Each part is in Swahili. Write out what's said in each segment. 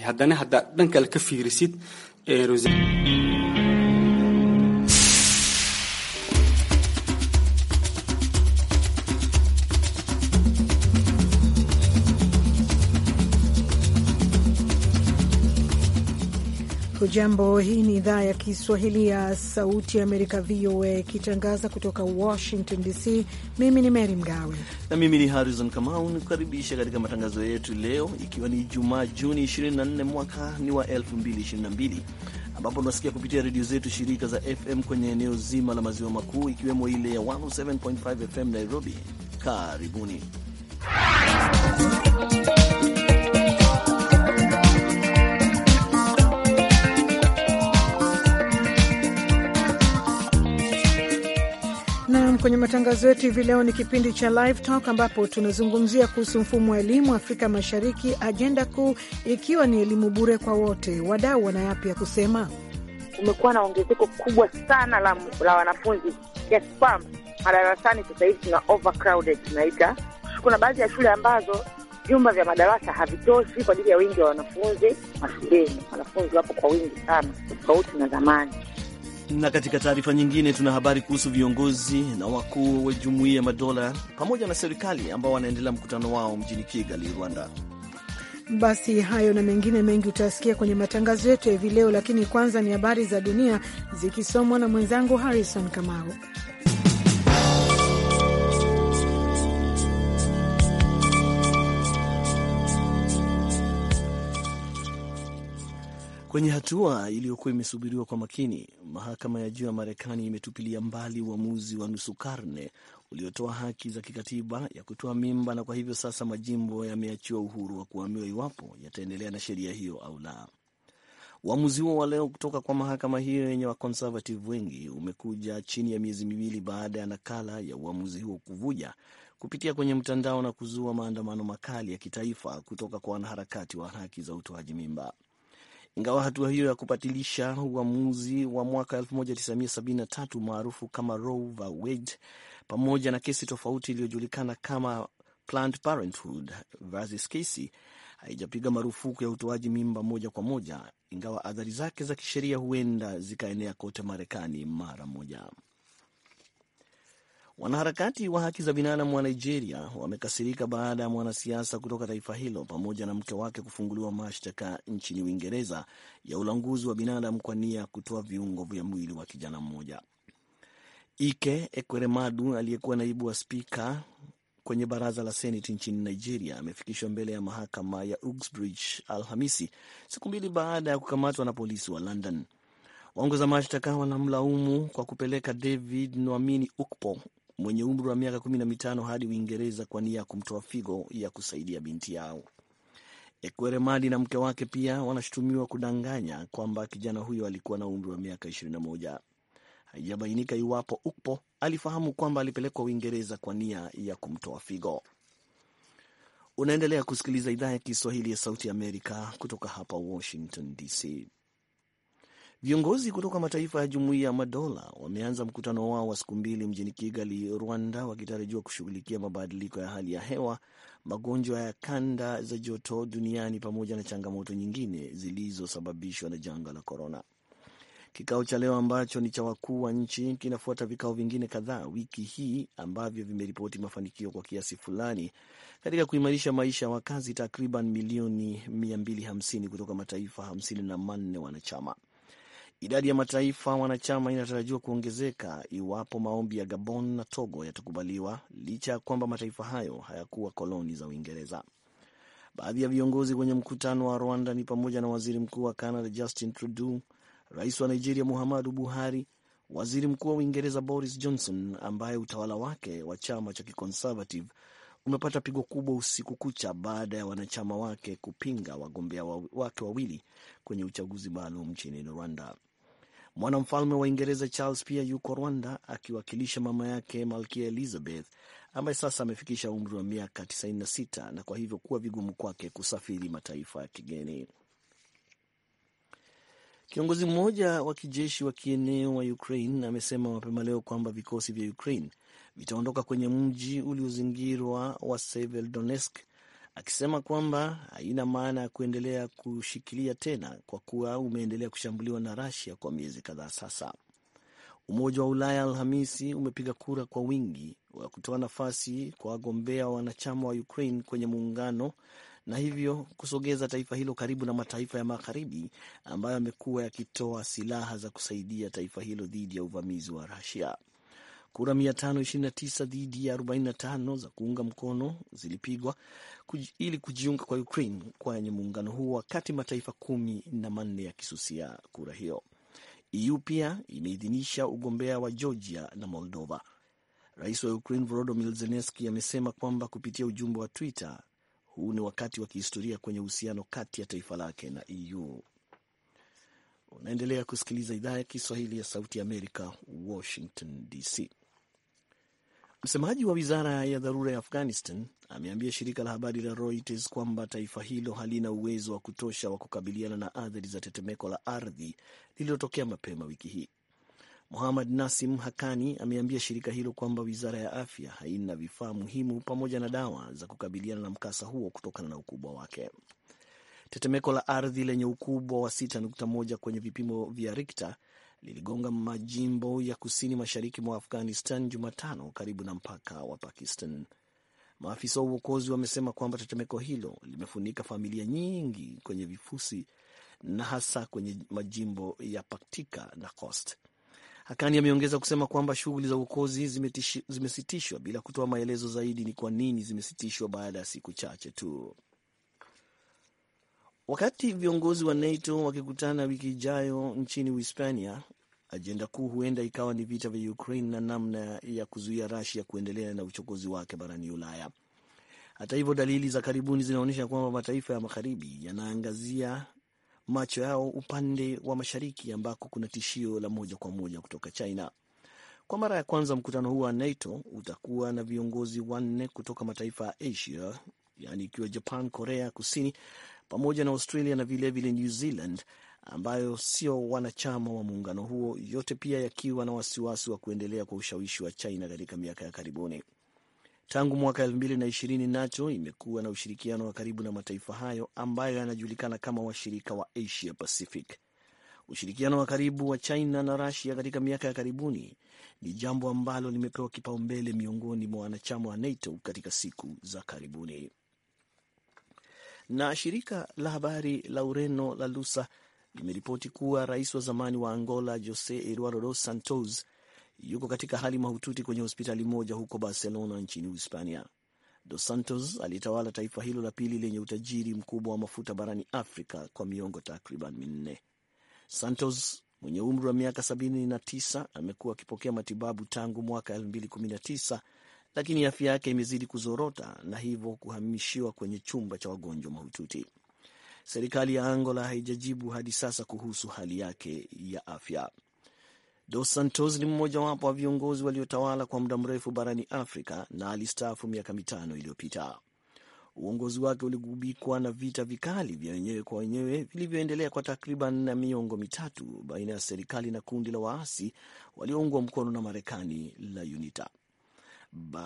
haddana haddaad dhan kale ka fiirisid jambo hii ni idhaa ya Kiswahili ya Sauti ya Amerika, VOA, ikitangaza kutoka Washington DC. Mimi ni Mary Mgawe na mimi ni Harrison Kamau, nikukaribisha katika matangazo yetu leo, ikiwa ni jumaa Juni 24 mwaka ni wa 2022 ambapo tunasikia kupitia redio zetu shirika za FM kwenye eneo zima la maziwa makuu ikiwemo ile ya 107.5 FM Nairobi. Karibuni kwenye matangazo yetu hivi leo ni kipindi cha Live Talk ambapo tunazungumzia kuhusu mfumo wa elimu Afrika Mashariki, ajenda kuu ikiwa ni elimu bure kwa wote. Wadau wana yapi ya kusema? Kumekuwa na ongezeko kubwa sana la, la wanafunzi kiasi kwamba madarasani sasa hivi tuna overcrowded tunaita. Kuna baadhi ya shule ambazo vyumba vya madarasa havitoshi kwa ajili ya wingi wa wanafunzi mashuleni. Wanafunzi wapo kwa wingi sana, tofauti na zamani. Na katika taarifa nyingine, tuna habari kuhusu viongozi na wakuu wa Jumuiya ya Madola pamoja na serikali ambao wanaendelea mkutano wao mjini Kigali, Rwanda. Basi hayo na mengine mengi utasikia kwenye matangazo yetu ya hivi leo, lakini kwanza ni habari za dunia zikisomwa na mwenzangu Harrison Kamau. Kwenye hatua iliyokuwa imesubiriwa kwa makini, mahakama ya juu ya Marekani imetupilia mbali uamuzi wa nusu karne uliotoa haki za kikatiba ya kutoa mimba, na kwa hivyo sasa majimbo yameachiwa uhuru wa kuamua iwapo yataendelea na sheria hiyo au la. Uamuzi huo wa leo kutoka kwa mahakama hiyo yenye wakonservative wengi umekuja chini ya miezi miwili baada ya nakala ya uamuzi huo kuvuja kupitia kwenye mtandao na kuzua maandamano makali ya kitaifa kutoka kwa wanaharakati wa haki za utoaji mimba. Ingawa hatua hiyo ya kupatilisha uamuzi wa mwaka 1973 maarufu kama Roe v. Wade pamoja na kesi tofauti iliyojulikana kama Planned Parenthood versus Casey haijapiga marufuku ya utoaji mimba moja kwa moja, ingawa athari zake za kisheria huenda zikaenea kote Marekani mara moja. Wanaharakati wa haki za binadamu wa Nigeria wamekasirika baada ya mwanasiasa kutoka taifa hilo pamoja na mke wake kufunguliwa mashtaka nchini Uingereza ya ulanguzi wa binadamu kwa nia ya kutoa viungo vya mwili wa kijana mmoja. Ike Ekweremadu aliyekuwa naibu wa spika kwenye baraza la seneti nchini Nigeria amefikishwa mbele ya mahakama ya Uxbridge Alhamisi, siku mbili baada ya kukamatwa na polisi wa London. Waongoza mashtaka wanamlaumu kwa kupeleka David Nwamini Ukpo mwenye umri wa miaka kumi na mitano hadi Uingereza kwa nia ya kumtoa figo ya kusaidia binti yao. madi na mke wake pia wanashutumiwa kudanganya kwamba kijana huyo alikuwa na umri wa miaka 21. Haijabainika iwapo Ukpo alifahamu kwamba alipelekwa Uingereza kwa nia ya kumtoa figo. Unaendelea kusikiliza idhaa ya Kiswahili ya Sauti Amerika kutoka hapa Washington DC. Viongozi kutoka mataifa ya Jumuiya ya Madola wameanza mkutano wao wa siku mbili mjini Kigali, Rwanda, wakitarajiwa kushughulikia mabadiliko ya hali ya hewa, magonjwa ya kanda za joto duniani pamoja na changamoto nyingine zilizosababishwa na janga la korona. Kikao cha leo ambacho ni cha wakuu wa nchi kinafuata vikao vingine kadhaa wiki hii ambavyo vimeripoti mafanikio kwa kiasi fulani katika kuimarisha maisha ya wakazi takriban milioni 250 kutoka mataifa 54 wanachama. Idadi ya mataifa wanachama inatarajiwa kuongezeka iwapo maombi ya Gabon na Togo yatakubaliwa, licha ya kwamba mataifa hayo hayakuwa koloni za Uingereza. Baadhi ya viongozi kwenye mkutano wa Rwanda ni pamoja na waziri mkuu wa Canada Justin Trudeau, rais wa Nigeria Muhammadu Buhari, waziri mkuu wa Uingereza Boris Johnson, ambaye utawala wake wa chama cha kiconservative umepata pigo kubwa usiku kucha baada ya wanachama wake kupinga wagombea wake wawili kwenye uchaguzi maalum nchini Rwanda. Mwanamfalme wa Uingereza Charles pia yuko Rwanda akiwakilisha mama yake Malkia Elizabeth ambaye sasa amefikisha umri wa miaka 96 na kwa hivyo kuwa vigumu kwake kusafiri mataifa ya kigeni. Kiongozi mmoja wa kijeshi wa kieneo wa Ukraine amesema mapema leo kwamba vikosi vya Ukraine vitaondoka kwenye mji uliozingirwa wa Severodonetsk akisema kwamba haina maana ya kuendelea kushikilia tena kwa kuwa umeendelea kushambuliwa na rasia kwa miezi kadhaa sasa. Umoja wa Ulaya Alhamisi umepiga kura kwa wingi wa kutoa nafasi kwa wagombea wa wanachama wa Ukraine kwenye muungano na hivyo kusogeza taifa hilo karibu na mataifa ya magharibi ambayo yamekuwa yakitoa silaha za kusaidia taifa hilo dhidi ya uvamizi wa Russia. Kura 529 dhidi ya 45 za kuunga mkono zilipigwa kuj, ili kujiunga kwa Ukraine kwenye muungano huo, wakati mataifa kumi na manne yakisusia kura hiyo. EU pia imeidhinisha ugombea wa Georgia na Moldova. Rais wa Ukraine Volodymyr Zelensky amesema kwamba kupitia ujumbe wa Twitter, huu ni wakati wa kihistoria kwenye uhusiano kati ya taifa lake na EU. Unaendelea kusikiliza idhaa ya Kiswahili ya Sauti ya Amerika, Washington DC. Msemaji wa wizara ya dharura ya Afghanistan ameambia shirika la habari la Reuters kwamba taifa hilo halina uwezo wa kutosha wa kukabiliana na athari za tetemeko la ardhi lililotokea mapema wiki hii. Muhamad Nasim Hakani ameambia shirika hilo kwamba wizara ya afya haina vifaa muhimu pamoja na dawa za kukabiliana na mkasa huo kutokana na ukubwa wake. Tetemeko la ardhi lenye ukubwa wa 6.1 kwenye vipimo vya Richter liligonga majimbo ya kusini mashariki mwa Afghanistan Jumatano karibu na mpaka wa Pakistan. Maafisa wa uokozi wamesema kwamba tetemeko hilo limefunika familia nyingi kwenye vifusi na hasa kwenye majimbo ya Paktika na Khost. Hakani ameongeza kusema kwamba shughuli za uokozi zimesitishwa bila kutoa maelezo zaidi ni kwa nini zimesitishwa baada ya siku chache tu. Wakati viongozi wa NATO wakikutana wiki ijayo nchini Uhispania, ajenda kuu huenda ikawa ni vita vya Ukraine na namna ya kuzuia Rusia kuendelea na uchokozi wake barani Ulaya. Hata hivyo, dalili za karibuni zinaonyesha kwamba mataifa ya magharibi yanaangazia macho yao upande wa mashariki ambako kuna tishio la moja kwa moja kutoka China. Kwa mara ya kwanza mkutano huu wa NATO utakuwa na viongozi wanne kutoka mataifa ya Asia, yaani ikiwa Japan, Korea Kusini, pamoja na Australia na vilevile vile New Zealand ambayo sio wanachama wa muungano huo, yote pia yakiwa na wasiwasi wa kuendelea kwa ushawishi wa China katika miaka ya karibuni. Tangu mwaka elfu mbili na ishirini NATO imekuwa na ushirikiano wa karibu na mataifa hayo ambayo yanajulikana kama washirika wa Asia Pacific. Ushirikiano wa karibu wa China na Rusia katika miaka ya karibuni ni jambo ambalo limepewa kipaumbele miongoni mwa wanachama wa NATO katika siku za karibuni. Na shirika la habari la Ureno la Lusa limeripoti kuwa rais wa zamani wa Angola Jose Eduardo dos Santos yuko katika hali mahututi kwenye hospitali moja huko Barcelona nchini Hispania. Dos Santos alitawala taifa hilo la pili lenye utajiri mkubwa wa mafuta barani Afrika kwa miongo takriban minne. Santos mwenye umri wa miaka 79 amekuwa akipokea matibabu tangu mwaka lakini afya yake imezidi kuzorota na hivyo kuhamishiwa kwenye chumba cha wagonjwa mahututi. Serikali ya Angola haijajibu hadi sasa kuhusu hali yake ya afya. Dos Santos ni mmojawapo wa viongozi waliotawala kwa muda mrefu barani Afrika na alistaafu miaka mitano iliyopita. Uongozi wake uligubikwa na vita vikali vya wenyewe kwa wenyewe vilivyoendelea kwa takriban na miongo mitatu baina ya serikali na kundi la waasi walioungwa mkono na Marekani la UNITA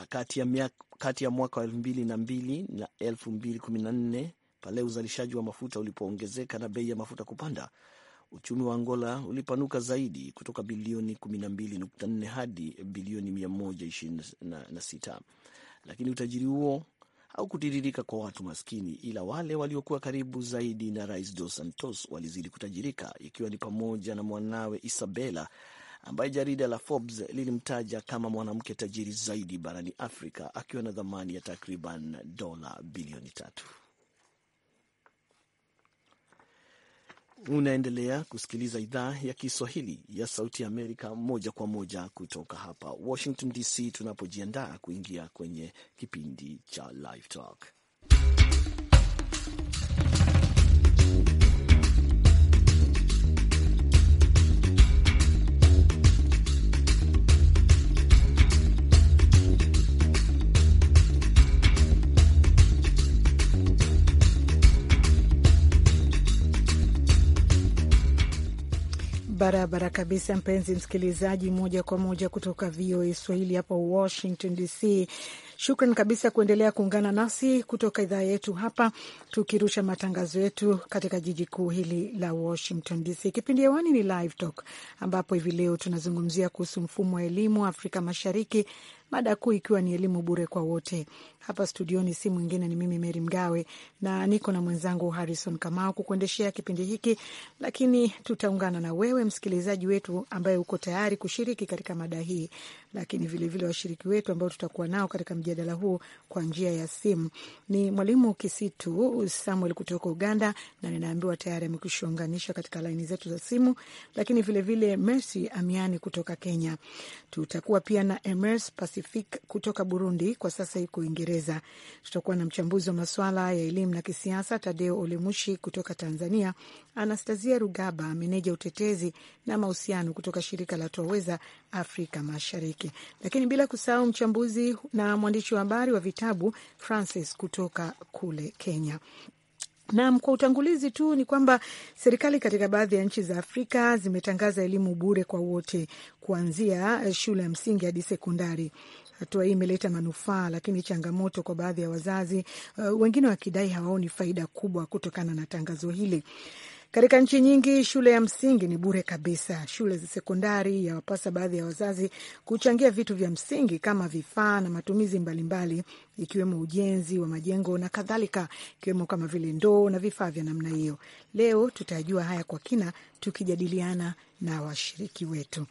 kati ya, kati ya mwaka wa elfu mbili na mbili na elfu mbili kumi na nne pale uzalishaji wa mafuta ulipoongezeka na bei ya mafuta kupanda, uchumi wa Angola ulipanuka zaidi kutoka bilioni 12.4 hadi bilioni 126, lakini utajiri huo haukutiririka kwa watu maskini, ila wale waliokuwa karibu zaidi na Rais Dos Santos walizidi kutajirika, ikiwa ni pamoja na mwanawe Isabela ambaye jarida la Forbes lilimtaja kama mwanamke tajiri zaidi barani Afrika akiwa na thamani ya takriban dola bilioni tatu. Unaendelea kusikiliza idhaa ya Kiswahili ya Sauti ya Amerika moja kwa moja kutoka hapa Washington DC, tunapojiandaa kuingia kwenye kipindi cha Live Talk. Barabara kabisa, mpenzi msikilizaji, moja kwa moja kutoka VOA Swahili hapa Washington DC. Shukran kabisa kuendelea kuungana nasi kutoka idhaa yetu hapa, tukirusha matangazo yetu katika jiji kuu hili la Washington DC. Kipindi hewani ni Live Talk, ambapo hivi leo tunazungumzia kuhusu mfumo wa elimu Afrika Mashariki, mada kuu ikiwa ni elimu bure kwa wote. Hapa studioni si mwingine ni mimi Meri Mgawe na niko na mwenzangu Harrison Kamau kukuendeshea kipindi hiki, lakini tutaungana na wewe msikilizaji wetu ambaye uko tayari kushiriki katika mada hii, lakini vilevile washiriki wetu ambao tutakuwa nao katika mjadala huu kwa njia ya simu ni mwalimu Kisitu Samuel kutoka Uganda, na ninaambiwa tayari amekushaunganisha katika laini zetu za simu, lakini vilevile Mercy Amiani kutoka Kenya. Tutakuwa pia na Emers Pacific kutoka Burundi, kwa sasa yuko Uingereza. Tutakuwa na mchambuzi wa masuala ya elimu na kisiasa Tadeo Olemushi kutoka Tanzania, Anastasia Rugaba, meneja utetezi na mahusiano kutoka shirika la Twaweza Afrika Mashariki, lakini bila kusahau mchambuzi na mwandishi wa habari wa vitabu Francis kutoka kule Kenya. Naam, kwa utangulizi tu ni kwamba serikali katika baadhi ya nchi za Afrika zimetangaza elimu bure kwa wote kuanzia eh, shule ya msingi hadi sekondari. Hatua hii imeleta manufaa, lakini changamoto kwa baadhi ya wazazi, uh, wengine wakidai hawaoni faida kubwa kutokana na tangazo hili. Katika nchi nyingi shule ya msingi ni bure kabisa. Shule za sekondari yawapasa baadhi ya wazazi kuchangia vitu vya msingi kama vifaa na matumizi mbalimbali, ikiwemo ujenzi wa majengo na kadhalika, ikiwemo kama vile ndoo na vifaa vya namna hiyo. Leo tutajua haya kwa kina tukijadiliana na washiriki wetu.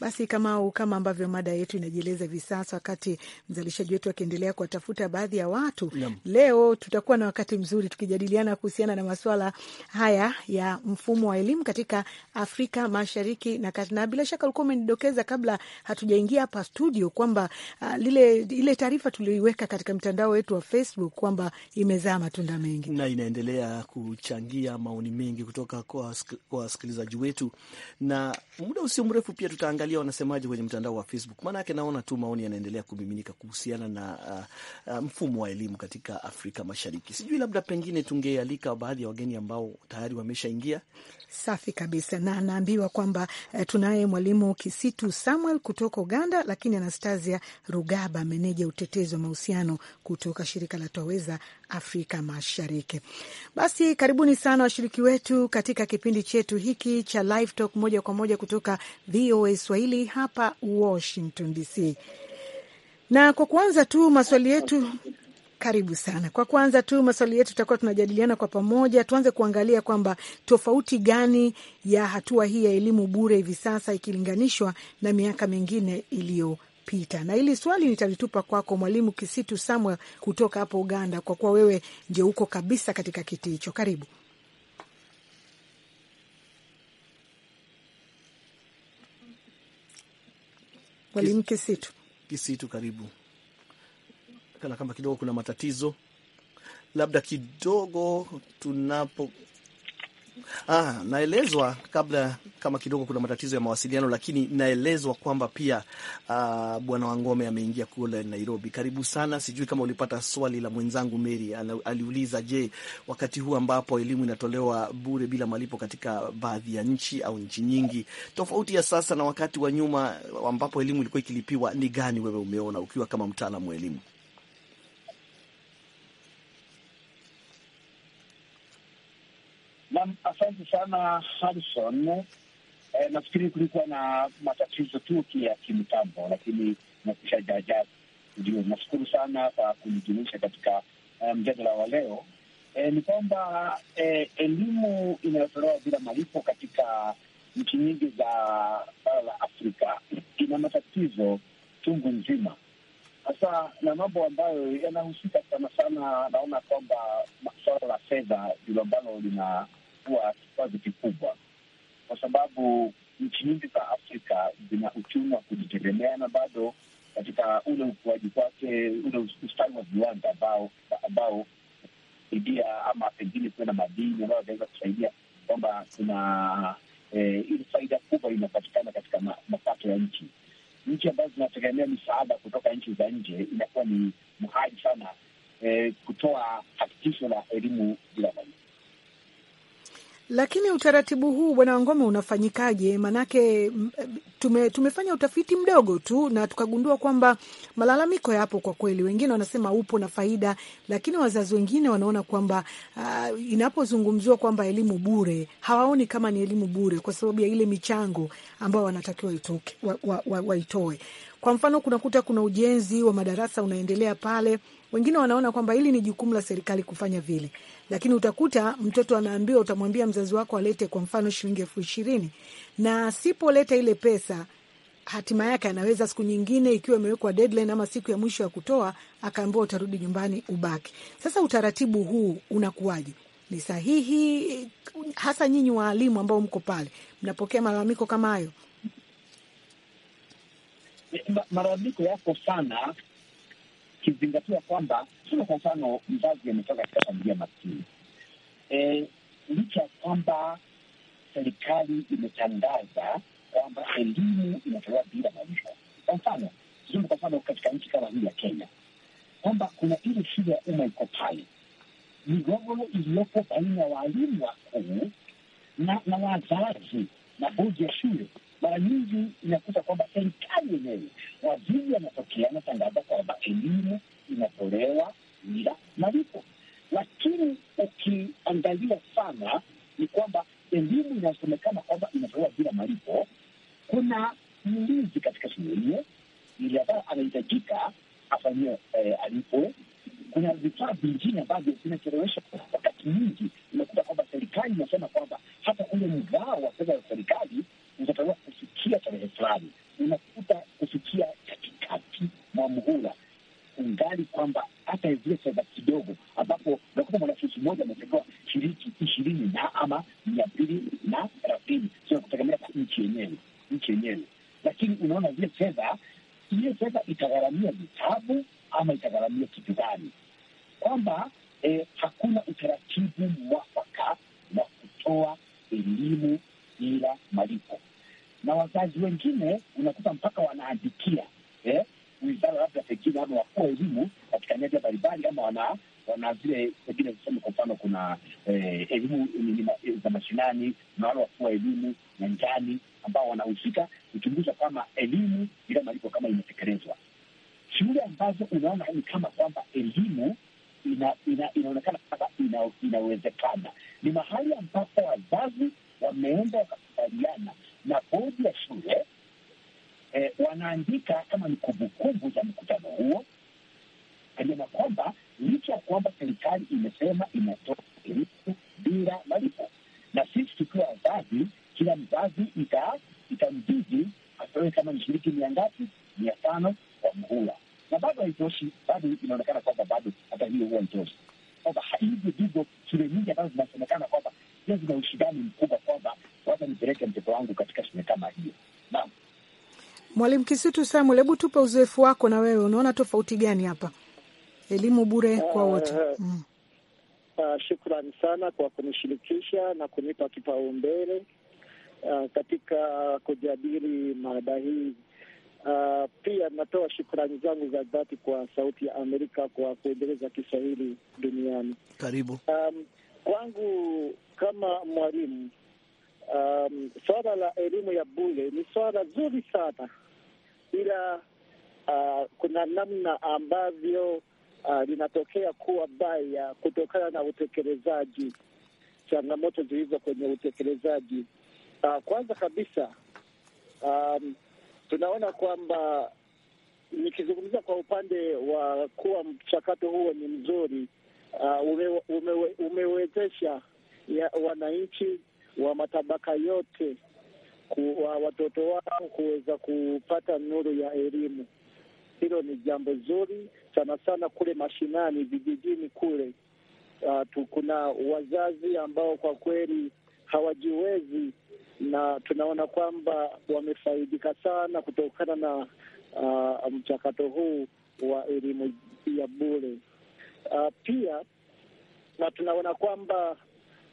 Basi kama au kama ambavyo mada yetu inajieleza hivi sasa, wakati mzalishaji wetu akiendelea kuwatafuta baadhi ya watu Yum. Leo tutakuwa na wakati mzuri tukijadiliana kuhusiana na masuala haya ya mfumo wa elimu katika Afrika Mashariki na Kati, na bila shaka ulikuwa umenidokeza kabla hatujaingia hapa studio kwamba uh, lile ile taarifa tuliiweka katika mtandao wetu wa Facebook kwamba imezaa matunda mengi na inaendelea kuchangia maoni mengi kutoka kwa wasikilizaji wetu na na muda usio mrefu pia tutaangalia wanasemaji kwenye mtandao wa Facebook, yake naona tu maoni yanaendelea kumiminika kuhusiana na uh, uh, mfumo wa elimu katika Afrika Mashariki. Sijui labda pengine tungealika baadhi ya wageni ambao tayari wameshaingia. Safi kabisa, na anaambiwa kwamba eh, tunaye mwalimu Kisitu Samuel kutoka Uganda, lakini Anastasia Rugaba, meneja utetezi wa mahusiano kutoka shirika la Twaweza Afrika Mashariki. Basi karibuni sana washiriki wetu katika kipindi chetu hiki cha Live Talk moja kwa moja kutoka VOA Swahili hapa Washington DC, na kwa kuanza tu maswali yetu karibu sana. Kwa kwanza tu maswali yetu tutakuwa tunajadiliana kwa pamoja. Tuanze kuangalia kwamba tofauti gani ya hatua hii ya elimu bure hivi sasa ikilinganishwa na miaka mingine iliyo iliyopita, Na hili swali nitalitupa kwako Mwalimu Kisitu Samuel kutoka hapo Uganda, kwa kuwa wewe ndio uko kabisa katika kiti hicho. Karibu. Mwalimu Kisitu. Kisitu, karibu. Kana kama kidogo kuna matatizo labda kidogo tunapo Ah, naelezwa kabla kama kidogo kuna matatizo ya mawasiliano, lakini naelezwa kwamba pia uh, bwana Wangome ameingia kule Nairobi. Karibu sana, sijui kama ulipata swali la mwenzangu Mary aliuliza, je, wakati huu ambapo elimu inatolewa bure bila malipo katika baadhi ya nchi au nchi nyingi, tofauti ya sasa na wakati wa nyuma ambapo elimu ilikuwa ikilipiwa ni gani? Wewe umeona ukiwa kama mtaalamu wa elimu? Na asante sana Harison. Eh, nafikiri kulikuwa na matatizo tu ya kimtambo, lakini nakisha jaja. Ndio, nashukuru sana kwa kunijumuisha katika eh, mjadala um, wa leo. Eh, ni kwamba eh, elimu inayotolewa bila malipo katika nchi nyingi za bara la Afrika ina matatizo chungu nzima sasa na mambo ambayo yanahusika sana sana, naona kwamba swala la fedha ndilo ambalo lina kuwa kikwazo kikubwa, kwa sababu nchi nyingi za Afrika zina uchumi wa kujitegemea na bado katika ule ukuaji wake, ule ustawi wa viwanda ambao ambao saidia ama pengine kuwe na madini ambayo ataweza kusaidia kwamba kuna eh, ili faida kubwa inapatikana katika mapato ya nchi. Nchi ambazo zinategemea misaada kutoka nchi za nje inakuwa ni mhaji sana eh, kutoa hakikisho la elimu bila malipo. Lakini utaratibu huu Bwana Wangome unafanyikaje? Maanake tume, tumefanya utafiti mdogo tu na tukagundua kwamba malalamiko yapo kwa kweli. Wengine wanasema upo na faida, lakini wazazi wengine wanaona kwamba uh, inapozungumziwa kwamba elimu bure hawaoni kama ni elimu bure kwa sababu ya ile michango ambayo wanatakiwa waitoe wa, wa, wa, wa kwa mfano kunakuta kuna ujenzi wa madarasa unaendelea pale wengine wanaona kwamba hili ni jukumu la serikali kufanya vile, lakini utakuta mtoto anaambiwa, utamwambia mzazi wako alete kwa mfano shilingi elfu ishirini na asipoleta ile pesa hatima yake anaweza siku nyingine ikiwa imewekwa deadline ama siku ya mwisho ya kutoa akaambiwa utarudi nyumbani ubaki. Sasa utaratibu huu unakuwaje? Ni sahihi? Hasa nyinyi waalimu ambao mko pale, mnapokea malalamiko kama hayo? Malalamiko yako sana, kizingatia kwamba sio, kwa mfano, mzazi ametoka katika familia maskini e, licha ya kwamba serikali imetangaza kwamba elimu inatolewa bila malipo. Kwa mfano zuri, kwa mfano katika nchi kama hii ya Kenya, kwamba kuna ile shule ya umma iko pale, migogoro iliyopo baina ya waalimu wakuu na wazazi na bodi ya shule mara nyingi inakuta kwamba serikali yenyewe, waziri anatokea anatangaza kwamba elimu inatolewa bila malipo, lakini ukiangalia sana ni kwamba elimu inasemekana kwamba inatolewa bila malipo. Kuna mlinzi katika shule hiyo ili ambayo anahitajika afanyiwe eh, alipo. Kuna vifaa vingine ambavyo vinachelewesha. Wakati mwingi unakuta kwamba serikali inasema kwamba hata ule mgao wa fedha za serikali unataka kufikia tarehe fulani, unakuta kufikia katikati mwa mhula ungali kwamba hata zile fedha kidogo, ambapo unakuta mwanafunzi mmoja amepewa shiriki ishirini na ama mia mbili na thelathini sio kutegemea kwa nchi yenyewe nchi yenyewe, lakini unaona zile fedha ile fedha itagharamia vitabu ama itagharamia kitu gani? Kwamba eh, hakuna utaratibu wengine unakuta mpaka wanaandikia eh, wizara labda pengine ama wakuu wa elimu katika nyanja mbalimbali, ama wana wana zile pengine, tuseme kwa mfano kuna eh, elimu eh, za mashinani Kisitu Samuel, hebu tupe uzoefu wako, na wewe unaona tofauti gani hapa, elimu bure kwa wote? Uh, Uh, shukrani sana kwa kunishirikisha na kunipa kipaumbele uh, katika kujadili mada hii. Uh, pia natoa shukrani zangu za dhati kwa Sauti ya Amerika kwa kuendeleza Kiswahili duniani. Karibu. Um, kwangu kama mwalimu um, swala la elimu ya bure ni swala zuri sana ila uh, kuna namna ambavyo uh, linatokea kuwa baya kutokana na utekelezaji, changamoto zilizo kwenye utekelezaji. Uh, kwanza kabisa um, tunaona kwamba nikizungumza kwa upande wa kuwa mchakato huo ni mzuri, uh, umewezesha ume, umewezesha wananchi wa matabaka yote kuwa watoto wao kuweza kupata nuru ya elimu. Hilo ni jambo zuri sana sana kule mashinani, vijijini kule. Uh, kuna wazazi ambao kwa kweli hawajiwezi na tunaona kwamba wamefaidika sana kutokana na uh, mchakato huu wa elimu ya bure. Uh, pia na tunaona kwamba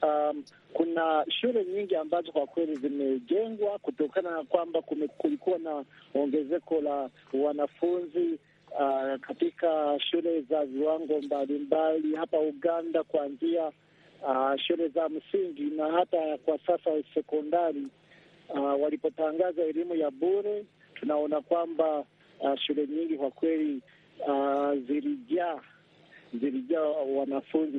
um, kuna shule nyingi ambazo kwa kweli zimejengwa kutokana na kwamba kulikuwa na ongezeko la wanafunzi uh, katika shule za viwango mbalimbali hapa Uganda kuanzia uh, shule za msingi na hata kwa sasa sekondari. Uh, walipotangaza elimu ya bure, tunaona kwamba uh, shule nyingi kwa kweli uh, zilijaa zilijaa wanafunzi,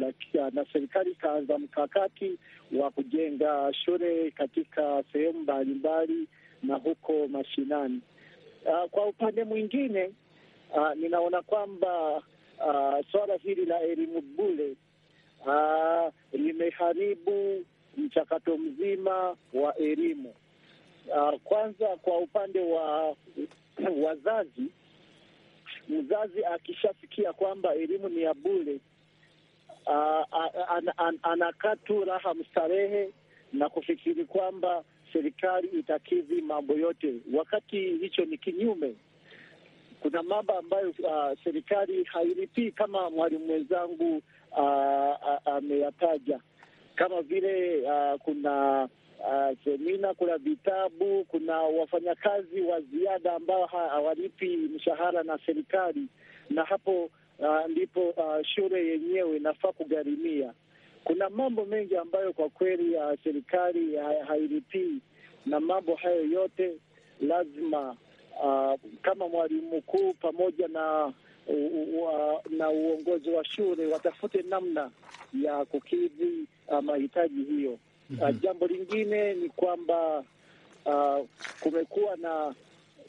na serikali ikaanza mkakati wa kujenga shule katika sehemu mbalimbali na huko mashinani. Uh, kwa upande mwingine uh, ninaona kwamba uh, swala hili la elimu bure uh, limeharibu mchakato mzima wa elimu. Uh, kwanza kwa upande wa wazazi mzazi akishafikia kwamba elimu ni ya bure, anakaa tu raha mstarehe na kufikiri kwamba serikali itakidhi mambo yote, wakati hicho ni kinyume. Kuna mambo ambayo uh, serikali hailipii kama mwalimu mwenzangu uh, ameyataja, kama vile uh, kuna uh, semina, kuna vitabu, kuna wafanyakazi wa ziada ambao hawalipi mshahara na serikali, na hapo uh, ndipo uh, shule yenyewe inafaa kugharimia. Kuna mambo mengi ambayo kwa kweli uh, serikali uh, hailipii, na mambo hayo yote lazima uh, kama mwalimu mkuu pamoja na na uongozi wa shule watafute namna ya kukidhi uh, mahitaji hiyo mm -hmm. jambo lingine ni kwamba uh, kumekuwa na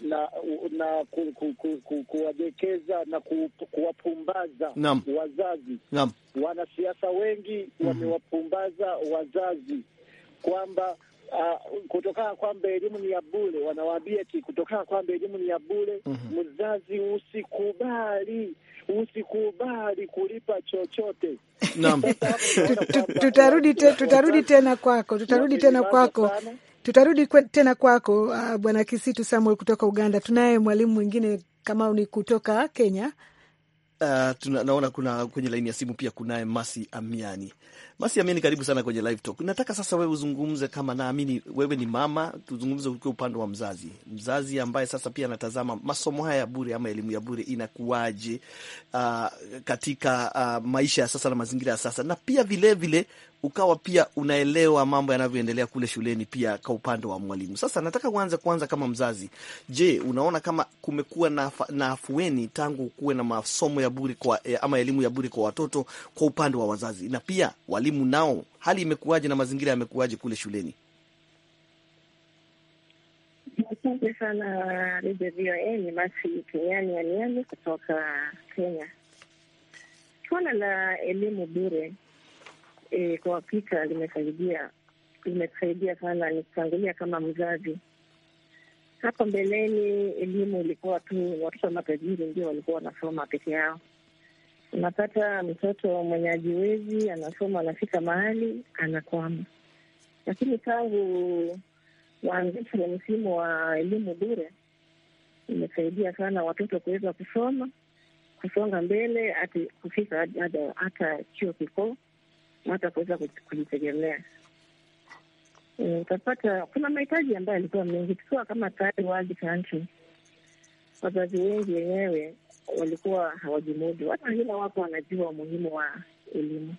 na na ku, ku, ku, ku, kuwadekeza na ku, kuwapumbaza wazazi. Wanasiasa wengi mhm. wamewapumbaza wazazi kwamba uh, kutokana kwamba elimu ni ya bure, wanawaambia ti kutokana kwamba elimu ni ya bure mm -hmm. Mzazi usikubali usikubali kulipa chochote. Naam, tutarudi te, tutarudi tena kwako, tutarudi tena kwako tutarudi tena kwako, uh, Bwana Kisitu Samuel kutoka Uganda. Tunaye mwalimu mwingine kama ni kutoka Kenya Uh, naona kuna kwenye laini ya simu pia kunaye Masi Amiani. Masi Amiani, karibu sana kwenye Live Talk. Nataka sasa wewe uzungumze, kama naamini wewe ni mama, tuzungumze ukiwa upande wa mzazi, mzazi ambaye sasa pia anatazama masomo haya ya bure ama elimu ya bure inakuwaje, uh, katika uh, maisha ya sasa na mazingira ya sasa, na pia vilevile ukawa pia unaelewa mambo yanavyoendelea kule shuleni pia kwa upande wa mwalimu. Sasa nataka kuanza kwanza kama mzazi, je, unaona kama kumekuwa na, na afueni tangu kuwe na masomo ya bure kwa eh, ama elimu ya bure kwa watoto kwa upande wa wazazi na pia walimu nao, hali imekuwaje na mazingira yamekuwaje kule shuleni? Asante sana Radio VOA. Ni Masi Kenyani Aniani kutoka Kenya. Suala la elimu bure e, kwa hakika limesaidia limetusaidia sana. kutangulia kama mzazi, hapo mbeleni elimu ilikuwa tu watoto wa matajiri ndio walikuwa wanasoma peke yao. Unapata mtoto mwenye ajiwezi anasoma, anafika mahali anakwama. Lakini tangu waanzishi wa msimu wa elimu bure, imesaidia sana watoto kuweza kusoma, kusonga mbele, ati kufika hata chuo kikuu watu wakaweza kujitegemea. E, utapata kuna mahitaji ambayo yalikuwa mengi, tukiwa kama tayari world country. Wazazi wengi wenyewe walikuwa hawajimudu, watu wengine wako wanajua umuhimu wa elimu.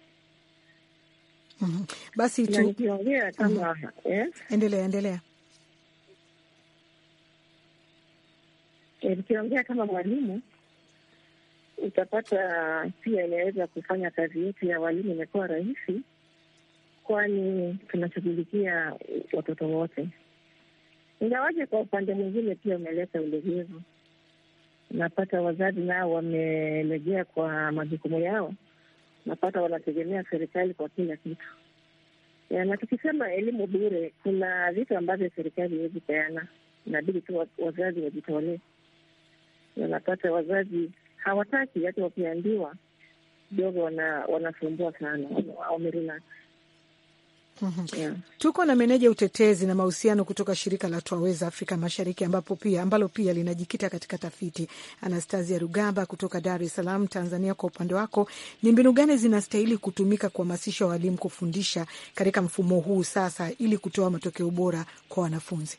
Mm -hmm. Basi tu... nikiongea kama mm -hmm. Endelea, endelea. Eh, nikiongea kama mwalimu utapata pia inaweza kufanya kazi yetu ya walimu imekuwa rahisi, kwani tunashughulikia watoto wote. Ingawaje kwa upande mwingine pia umeleta ulegevu, napata wazazi nao wamelegea kwa majukumu yao, napata wanategemea serikali kwa kila kitu. Eh, na tukisema elimu bure, kuna vitu ambavyo serikali haiwezi peana, inabidi tu wazazi wajitolee. Napata wazazi hawataki, hata wakiambiwa kidogo wana, wanasumbua sana, wamerelax. Mm -hmm. Yeah. Tuko na meneja utetezi na mahusiano kutoka shirika la Twaweza Afrika Mashariki ambapo pia ambalo pia linajikita katika tafiti. Anastasia Rugaba kutoka Dar es Salaam, Tanzania, kwa upande wako ni mbinu gani zinastahili kutumika kuhamasisha walimu kufundisha katika mfumo huu sasa ili kutoa matokeo bora kwa wanafunzi?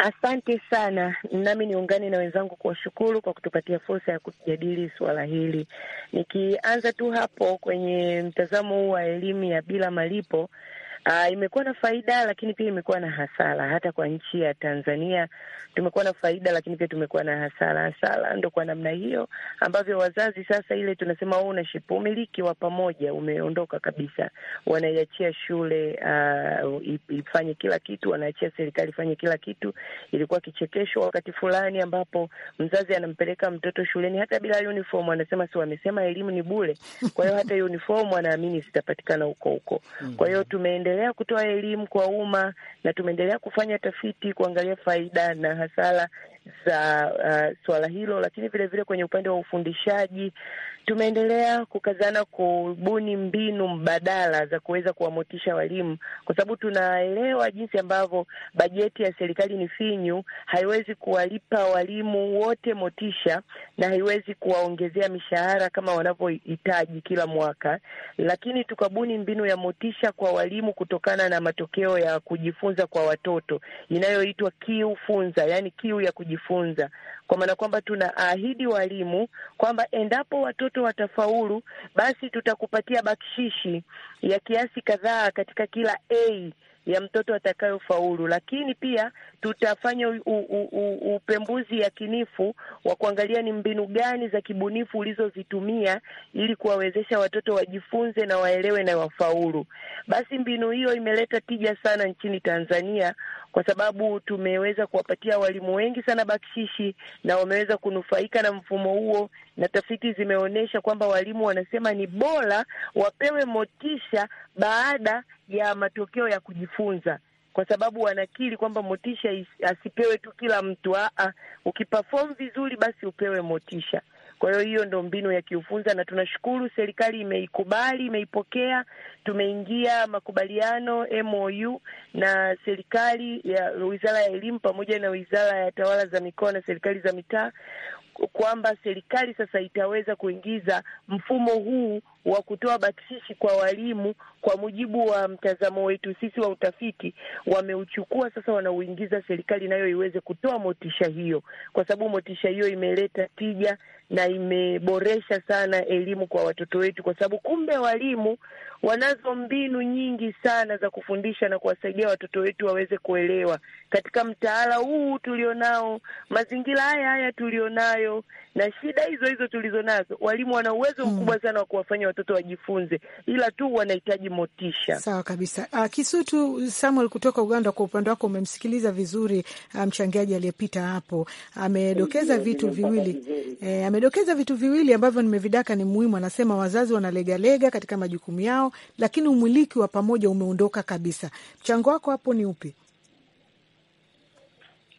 Asante sana, nami niungane na wenzangu kuwashukuru kwa kutupatia fursa ya kujadili suala hili. Nikianza tu hapo kwenye mtazamo huu wa elimu ya bila malipo, Uh, imekuwa na faida lakini pia imekuwa na hasara. Hata kwa nchi ya Tanzania tumekuwa na faida, lakini pia tumekuwa na hasara. Hasara ndo kwa namna hiyo ambavyo wazazi sasa, ile tunasema ownership, umiliki wa pamoja umeondoka kabisa, wanaiachia shule uh, ifanye kila kitu, wanaachia serikali ifanye kila kitu. Ilikuwa kichekesho wakati fulani ambapo mzazi anampeleka mtoto shuleni hata bila uniform, anasema si wamesema elimu ni bure, kwa hiyo hata uniform anaamini zitapatikana huko huko. Mm. Kwa hiyo tumeendelea tumeendelea kutoa elimu kwa umma na tumeendelea kufanya tafiti kuangalia faida na hasara za uh, suala hilo, lakini vilevile kwenye upande wa ufundishaji tumeendelea kukazana kubuni mbinu mbadala za kuweza kuwamotisha walimu, kwa sababu tunaelewa jinsi ambavyo bajeti ya serikali ni finyu, haiwezi kuwalipa walimu wote motisha na haiwezi kuwaongezea mishahara kama wanavyohitaji kila mwaka, lakini tukabuni mbinu ya motisha kwa walimu kutokana na matokeo ya kujifunza kwa watoto inayoitwa kiu funza, yani kiu ya kujifunza kwa maana kwamba tunaahidi walimu kwamba endapo watoto watafaulu, basi tutakupatia bakshishi ya kiasi kadhaa katika kila A ya mtoto atakayofaulu, lakini pia tutafanya u, u, u, upembuzi yakinifu wa kuangalia ni mbinu gani za kibunifu ulizozitumia ili kuwawezesha watoto wajifunze na waelewe na wafaulu. Basi mbinu hiyo imeleta tija sana nchini Tanzania kwa sababu tumeweza kuwapatia walimu wengi sana bakshishi na wameweza kunufaika na mfumo huo na tafiti zimeonyesha kwamba walimu wanasema ni bora wapewe motisha baada ya matokeo ya kujifunza, kwa sababu wanakiri kwamba motisha asipewe tu kila mtu. Aa, ukiperform vizuri basi upewe motisha. Kwa hiyo hiyo ndo mbinu ya kiufunza, na tunashukuru serikali imeikubali, imeipokea. Tumeingia makubaliano MOU na serikali ya wizara ya elimu pamoja na wizara ya tawala za mikoa na serikali za mitaa kwamba serikali sasa itaweza kuingiza mfumo huu wa kutoa bakshishi kwa walimu, kwa mujibu wa mtazamo wetu sisi wa utafiti, wameuchukua sasa, wanauingiza serikali nayo iweze kutoa motisha hiyo, kwa sababu motisha hiyo imeleta tija na imeboresha sana elimu kwa watoto wetu, kwa sababu kumbe walimu wanazo mbinu nyingi sana za kufundisha na kuwasaidia watoto wetu waweze kuelewa katika mtaala huu tulionao, mazingira haya haya tulionayo, na shida hizo hizo tulizonazo, walimu wana uwezo mkubwa hmm. sana wa kuwafanya watoto wajifunze, ila tu wanahitaji motisha. Sawa kabisa. Uh, Kisutu Samuel kutoka Uganda, kwa upande wako umemsikiliza vizuri ah, mchangiaji um, aliyepita hapo, amedokeza vitu viwili e, amedokeza vitu viwili ambavyo nimevidaka ni muhimu. Anasema wazazi wanalegalega katika majukumu yao, lakini umiliki wa pamoja umeondoka kabisa. Mchango wako hapo ni upi?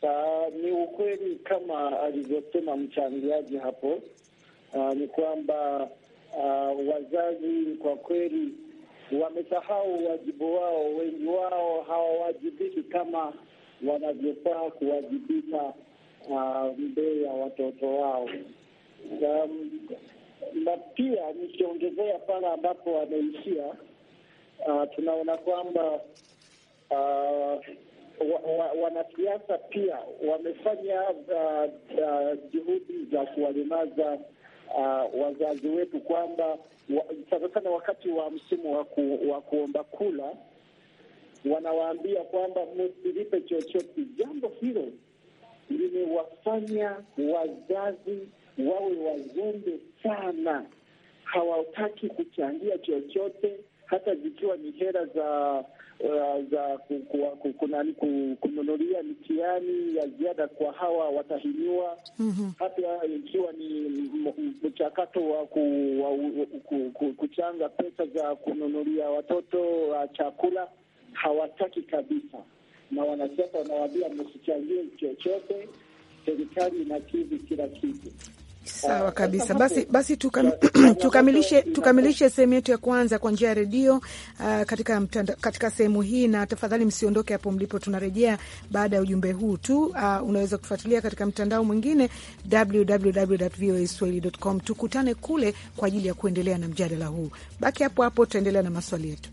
Uh, ni ukweli kama alivyosema mchangiaji hapo. Uh, ni kwamba uh, wazazi kwa kweli wamesahau wajibu wao. Wengi wao hawawajibiki kama wanavyofaa kuwajibika uh, mbele ya watoto wao um, na pia nikiongezea pale ambapo wameishia, uh, ah, tunaona kwamba uh, wanasiasa wa, wanasiasa pia wamefanya uh, uh, juhudi za kuwalemaza uh, wazazi wetu kwamba wa, sana sana wakati wa msimu wa wa kuomba kula wanawaambia kwamba msilipe chochote. Jambo hilo limewafanya wazazi wawe wazembe sana, hawataki kuchangia chochote hata zikiwa ni hela za Eh, za kununulia mitihani ya ziada kwa hawa watahiniwa mhm. hata ikiwa ni mchakato wa, kuchanga pesa za kununulia watoto wa ah, chakula hawataki kabisa, na wanasiasa wanawaambia msichangie chochote, serikali inakidhi kila kitu. Sawa eh, kabisa. Basi, basi tukam, tukamilishe, tukamilishe sehemu yetu ya kwanza kwa njia ya redio uh, katika, katika sehemu hii, na tafadhali msiondoke hapo mlipo, tunarejea baada ya ujumbe huu tu. Uh, unaweza kutufuatilia katika mtandao mwingine www.voaswahili.com. Tukutane kule kwa ajili ya kuendelea na mjadala huu. Baki hapo hapo, tutaendelea na maswali yetu.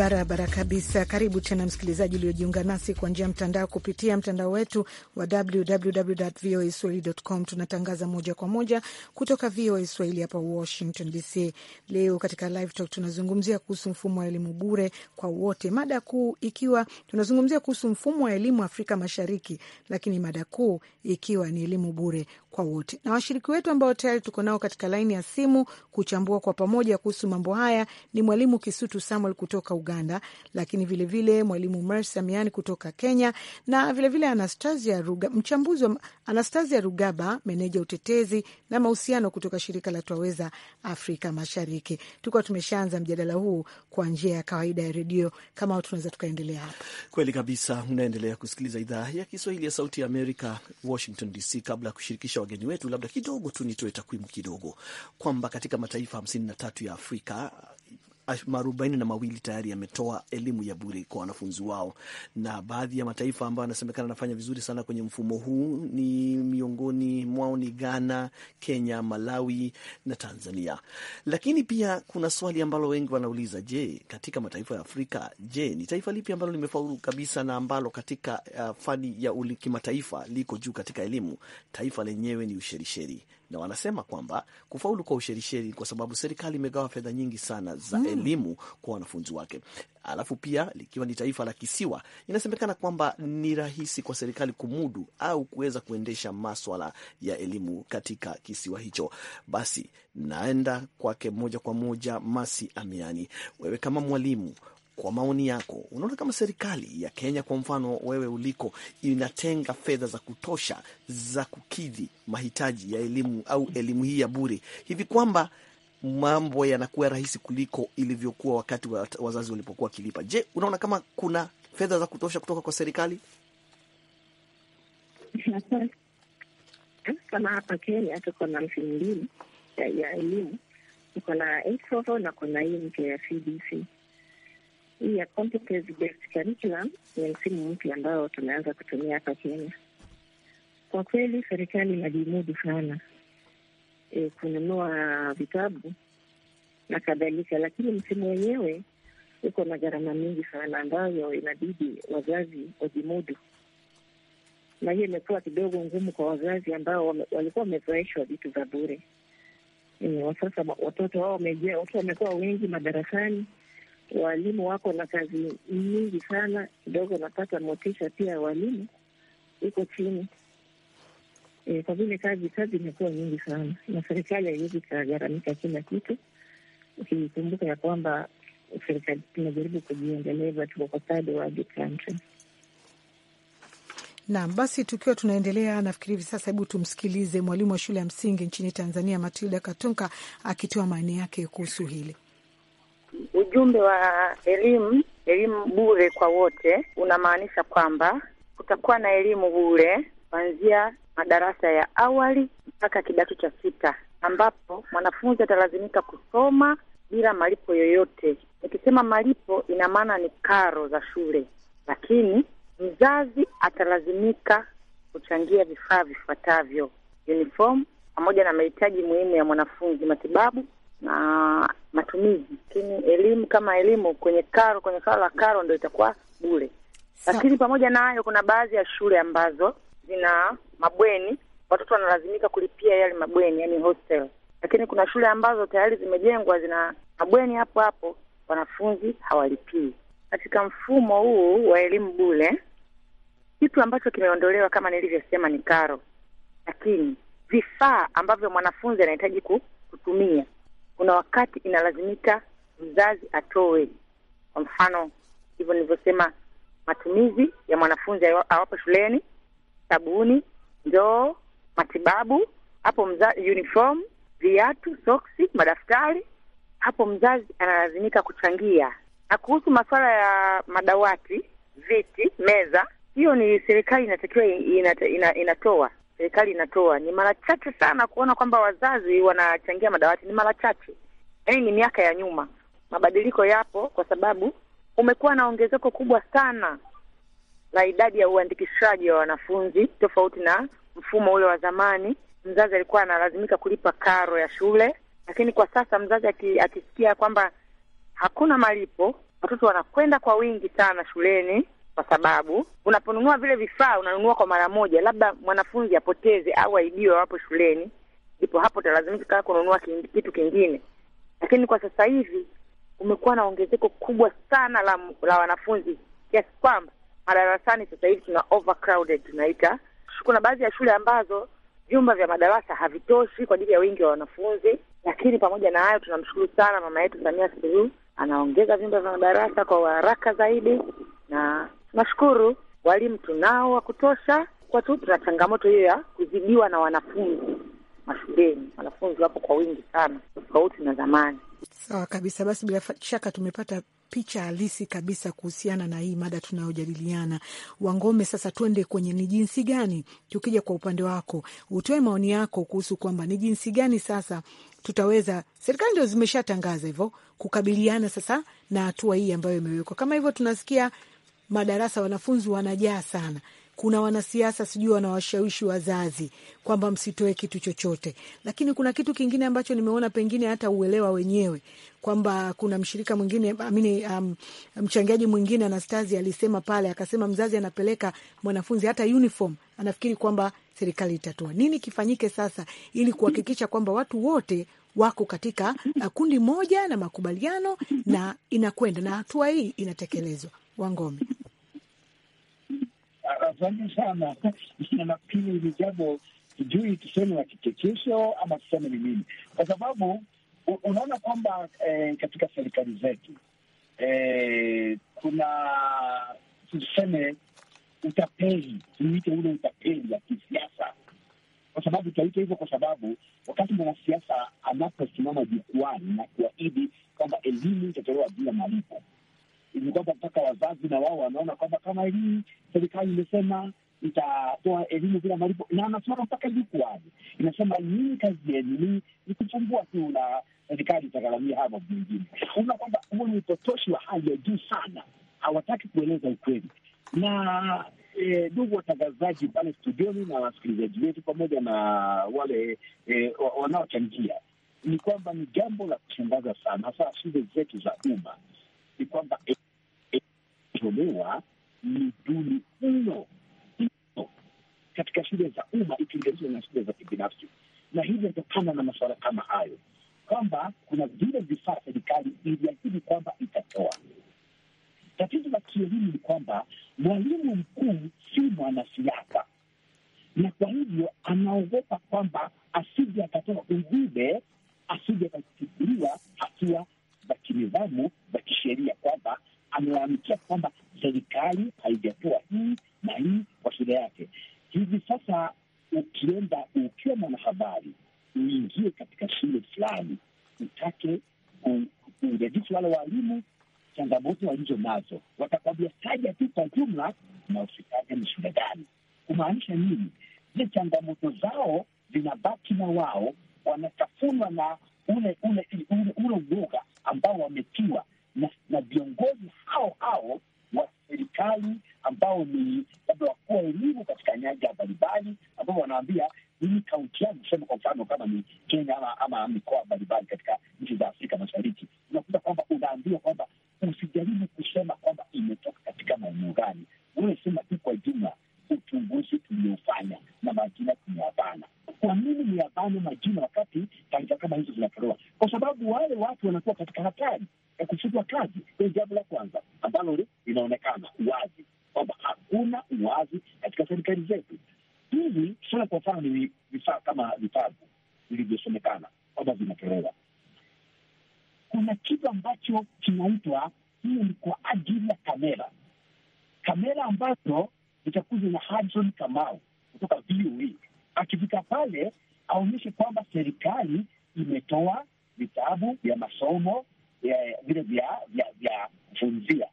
barabara kabisa. Karibu tena msikilizaji uliojiunga nasi kwa njia ya mtandao kupitia mtandao wetu wa www.voaswahili.com. Tunatangaza moja kwa moja kutoka VOA Swahili hapa Washington DC. Leo katika Live Talk tunazungumzia kuhusu mfumo wa elimu bure kwa wote, mada kuu ikiwa tunazungumzia kuhusu mfumo wa elimu Afrika Mashariki, lakini mada kuu ikiwa ni elimu bure kwa wote, na washiriki wetu ambao tayari tuko nao katika laini ya simu kuchambua kwa pamoja kuhusu mambo haya ni mwalimu Kisutu Samuel kutoka Uganda, lakini vilevile mwalimu Mercy Amiani kutoka Kenya na vilevile Anastasia Ruga, mchambuzi wa Anastasia Rugaba, meneja utetezi na mahusiano kutoka shirika la Twaweza Afrika Mashariki. Tulikuwa tumeshaanza mjadala huu kwa njia ya kawaida ya redio, kama tunaweza tukaendelea hapa. Kweli kabisa, unaendelea kusikiliza idhaa ya Kiswahili ya Sauti ya Amerika, Washington DC. Kabla ya kushirikisha wageni wetu, labda kidogo tu nitoe takwimu kidogo kwamba katika mataifa hamsini na tatu ya Afrika arobaini na mawili tayari yametoa elimu ya bure kwa wanafunzi wao, na baadhi ya mataifa ambayo yanasemekana anafanya vizuri sana kwenye mfumo huu ni miongoni mwao ni Ghana, Kenya, Malawi na Tanzania. Lakini pia kuna swali ambalo wengi wanauliza, je, katika mataifa ya Afrika, je, ni taifa lipi ambalo limefaulu kabisa na ambalo katika uh, fani ya kimataifa liko juu katika elimu? Taifa lenyewe ni usherisheri na wanasema kwamba kufaulu kwa usherisheri kwa sababu serikali imegawa fedha nyingi sana za mm. elimu kwa wanafunzi wake. Alafu pia likiwa ni taifa la kisiwa, inasemekana kwamba ni rahisi kwa serikali kumudu au kuweza kuendesha maswala ya elimu katika kisiwa hicho. Basi naenda kwake moja kwa moja, Masi Amiani, wewe kama mwalimu kwa maoni yako, unaona kama serikali ya Kenya kwa mfano, wewe uliko, inatenga fedha za kutosha za kukidhi mahitaji ya elimu au elimu hii ya bure hivi kwamba mambo yanakuwa rahisi kuliko ilivyokuwa wakati wazazi walipokuwa wakilipa? Je, unaona kama kuna fedha za kutosha kutoka kwa serikali? Kama hapa Kenya tuko na msimu mbili ya elimu, tuko na na kuna hii mpya ya CBC hii ya competence based curriculum ni msimu mpya ambao tumeanza kutumia hapa Kenya. Kwa kweli serikali inajimudu sana e, kununua vitabu na kadhalika, lakini msimu wenyewe uko na gharama mingi sana ambayo inabidi wazazi wajimudu, na hiyo imekuwa kidogo ngumu kwa wazazi ambao walikuwa wamezoeshwa vitu za bure. Eh, Wasasa watoto wao wamekuwa wengi madarasani Walimu wako na kazi nyingi sana, kidogo napata motisha pia ya walimu iko chini e, kwa vile kazi kazi imekuwa nyingi sana, na serikali haiwezi ikagharamika kila kitu, ukikumbuka ya kwamba serikali tunajaribu kujiendeleza, tuko kwa third world country. Naam, basi tukiwa tunaendelea, nafikiri hivi sasa, hebu tumsikilize mwalimu wa shule ya msingi nchini Tanzania, Matilda Katunka akitoa maoni yake kuhusu hili. Ujumbe wa elimu elimu bure kwa wote unamaanisha kwamba kutakuwa na elimu bure kuanzia madarasa ya awali mpaka kidato cha sita, ambapo mwanafunzi atalazimika kusoma bila malipo yoyote. Nikisema malipo, ina maana ni karo za shule, lakini mzazi atalazimika kuchangia vifaa vifuatavyo: uniform pamoja na mahitaji muhimu ya mwanafunzi, matibabu na matumizi, lakini elimu kama elimu kwenye karo, kwenye karo la karo ndo itakuwa bure. Lakini pamoja na hayo, kuna baadhi ya shule ambazo zina mabweni, watoto wanalazimika kulipia yale mabweni, yani hostel. Lakini kuna shule ambazo tayari zimejengwa, zina mabweni hapo hapo, wanafunzi hawalipii. Katika mfumo huu wa elimu bure, kitu ambacho kimeondolewa kama nilivyosema ni karo, lakini vifaa ambavyo mwanafunzi anahitaji kutumia kuna wakati inalazimika mzazi atoe, kwa mfano hivyo nilivyosema, matumizi ya mwanafunzi awapo shuleni, sabuni, ndoo, matibabu, hapo mzazi, uniform, viatu, soksi, madaftari, hapo mzazi analazimika kuchangia. Na kuhusu masuala ya madawati, viti, meza, hiyo ni serikali inatakiwa inatoa serikali inatoa ni mara chache sana kuona kwamba wazazi wanachangia madawati, ni mara chache. Yaani ni miaka ya nyuma. Mabadiliko yapo kwa sababu umekuwa na ongezeko kubwa sana la idadi ya uandikishaji wa wanafunzi, tofauti na mfumo ule wa zamani. Mzazi alikuwa analazimika kulipa karo ya shule, lakini kwa sasa mzazi akisikia kwamba hakuna malipo, watoto wanakwenda kwa wingi sana shuleni kwa sababu unaponunua vile vifaa unanunua kwa mara moja, labda mwanafunzi apoteze au aibiwe wapo shuleni, ndipo hapo utalazimika kununua kitu kingine. Lakini kwa sasa hivi kumekuwa na ongezeko kubwa sana la, la wanafunzi kiasi yes, kwamba madarasani sasa hivi tuna overcrowded tunaita. Kuna baadhi ya shule ambazo vyumba vya madarasa havitoshi kwa ajili ya wingi wa wanafunzi, lakini pamoja na hayo tunamshukuru sana mama yetu Samia Suluhu, anaongeza vyumba vya madarasa kwa haraka zaidi na Nashukuru walimu tunao wa kutosha, kwa tu tuna changamoto hiyo ya kuzidiwa na wanafunzi mashuleni. Wanafunzi wapo kwa wingi sana, tofauti na zamani. Sawa kabisa. Basi bila shaka tumepata picha halisi kabisa kuhusiana na hii mada tunayojadiliana. Wangome, sasa tuende kwenye ni jinsi gani, tukija kwa upande wako, utoe maoni yako kuhusu kwamba ni jinsi gani sasa tutaweza, serikali ndio zimeshatangaza hivyo, kukabiliana sasa na hatua hii ambayo imewekwa. Kama hivyo tunasikia madarasa wanafunzi wanajaa sana kuna wanasiasa sijui wanawashawishi wazazi kwamba msitoe kitu chochote, lakini kuna kitu kingine ambacho nimeona pengine hata uelewa wenyewe kwamba kuna mshirika mwingine amini, um, mchangiaji mwingine Anastazi alisema pale, akasema mzazi anapeleka mwanafunzi hata uniform, anafikiri kwamba serikali itatoa nini. Kifanyike sasa ili kuhakikisha kwamba watu wote wako katika uh, kundi moja na makubaliano na inakwenda na hatua hii inatekelezwa. Wangome. Ah, asante sana. Nafikiri ni jambo, sijui tuseme la kichekesho ama tuseme ni nini, kwa sababu unaona kwamba eh, katika serikali zetu eh, kuna tuseme utapeli, tuite ule utapeli wa kisiasa, kwa sababu tutaita hivyo, kwa sababu wakati mwanasiasa anaposimama jukwani na kuahidi kwamba elimu itatolewa bila malipo ni kwamba mpaka wazazi na wao wanaona kwamba kama hii serikali imesema itatoa elimu bila malipo, na anasimama mpaka jukwani, inasema nyinyi kazi yenu ni kuchumbua tu, na serikali itagharamia haya mambo mengine. Unaona kwamba huo ni upotoshi wa hali ya juu sana, hawataki kueleza ukweli. Na e, ndugu e, watangazaji pale studioni na wasikilizaji wetu pamoja na wale e, wanaochangia, ni kwamba ni jambo la kushangaza sana, hasa shule zetu za umma ni kwamba e, kutolewa ni duni mno katika shule za umma ikilinganishwa na shule za kibinafsi, na hili inatokana na masuala kama hayo kwamba kuna vile vifaa serikali iliahidi kwamba itatoa. Tatizo la kielimu ni kwamba mwalimu mkuu si mwanasiasa, na kwa hivyo anaogopa kwamba asije akatoa ujumbe, asije akachukuliwa hatua za kinidhamu za kisheria kwamba amewaamikia kwamba serikali haijatoa hii na hii kwa shida yake. Hivi sasa ukienda ukiwa mwanahabari, uingie katika shule fulani, utake ujadisi wale waalimu changamoto walizo nazo, watakwambia taja tu kwa jumla na usitaja ni shule gani. Kumaanisha nini? Zile changamoto zao zinabaki na wao, wanatafunwa na ule ule ule uoga ambao wametiwa na viongozi hao hao wa serikali ambao ni labda wakuu wa elimu katika nyanja mbalimbali, ambao wanaambia hii kaunti yangu, sema kwa mfano kama ni Kenya ama, ama mikoa mbalimbali katika nchi za Afrika Mashariki, unakuta kwamba unaambiwa kwamba usijaribu kusema kwamba imetoka katika maeneo gani, wewe sema tu kwa jumla uchunguzi tuliofanya na majina tumeyabana. Kwa nini ni yabana majina wakati taarifa kama hizo zinatolewa? Kwa sababu wale watu wanakuwa katika hatari ya kufutwa kazi. Ni jambo la kwanza ambalo linaonekana wazi kwamba hakuna uwazi katika serikali zetu hivi. Suala kwa mfano ni vifaa kama vitabu vilivyosemekana kwamba vinatolewa, kuna kitu ambacho kinaitwa hiyo ni kwa ajili ya kamera kamera ambazo uchaguzi na Hudson Kamau kutoka VOA. Akifika pale aonyeshe kwamba serikali imetoa vitabu vya masomo vile vya kufunzia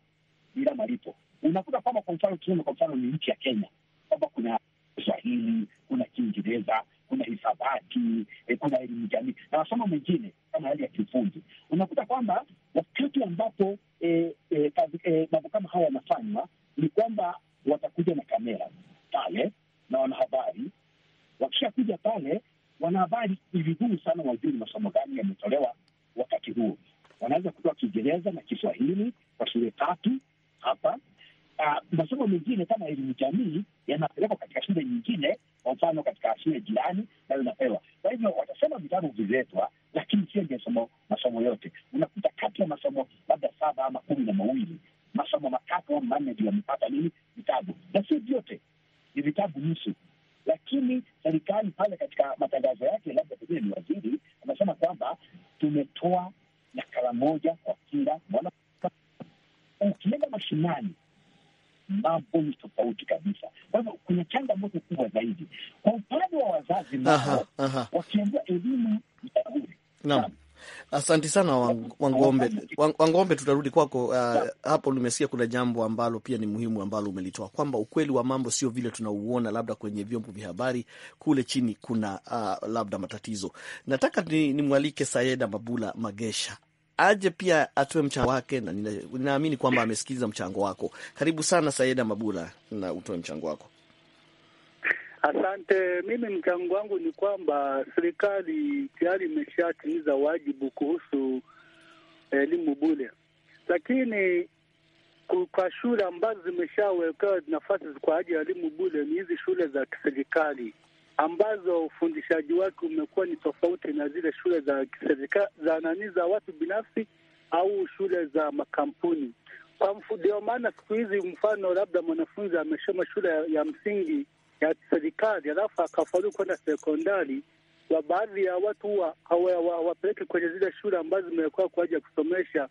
bila malipo. Unakuta kwamba kwa mfano tunaona kwa mfano ni nchi ya Kenya kwamba kuna Kiswahili, kuna Kiingereza, kuna hisabati, eh, kuna elimu jamii na masomo mengine kama hali ya kiufundi. Unakuta kwamba wakati ambapo eh, eh, mambo kama haya yanafanywa ni kwamba watakuja na kamera pale na wanahabari. Wakishakuja pale, wanahabari ni vigumu sana wajue ni masomo gani yametolewa wakati huo. Wanaweza kutoa Kiingereza na Kiswahili kwa shule tatu hapa. Uh, masomo mengine kama elimu jamii yanapelekwa katika shule nyingine, kwa mfano katika shule jirani, nayo inapewa. Kwa hivyo watasema vitabu viletwa, lakini sio ndio masomo yote. Unakuta kati ya masomo labda saba ama kumi na mawili masomo matatu au manne ndio amepata nini vitabu, na sio vyote, ni vitabu nusu. Lakini serikali pale katika matangazo yake, labda pengine ni waziri amesema kwamba tumetoa nakala moja kwa kila mwana. Ukienda mashinani mambo ni tofauti kabisa. Kwa hivyo kuna changamoto kubwa zaidi kwa upande wa wazazi nao wakiambiwa elimu ni asanti sana Wangombe, Wangombe, tutarudi kwako. Uh, hapo nimesikia kuna jambo ambalo pia ni muhimu ambalo umelitoa kwamba ukweli wa mambo sio vile tunauona labda kwenye vyombo vya habari kule chini, kuna uh, labda matatizo. Nataka nimwalike ni Sayeda Mabula Magesha aje pia atoe mchango wake, na ninaamini kwamba amesikiliza mchango wako. Karibu sana Sayeda Mabula na utoe mchango wako. Asante. Mimi mchango wangu ni kwamba serikali tayari imeshatimiza wajibu kuhusu elimu eh, bule, lakini kwa shule ambazo zimeshawekewa nafasi kwa ajili ya elimu bule ni hizi shule za kiserikali ambazo ufundishaji wake umekuwa ni tofauti na zile shule za kiserikali za nani za watu binafsi au shule za makampuni. Kwa ndio maana siku hizi, mfano labda mwanafunzi amesoma shule ya msingi ya serikali, alafu akafaulu kwenda sekondari, wa baadhi ya watu huwa hawapeleki kwenye zile shule ambazo zimewekwa kwa ajili ya kusomesha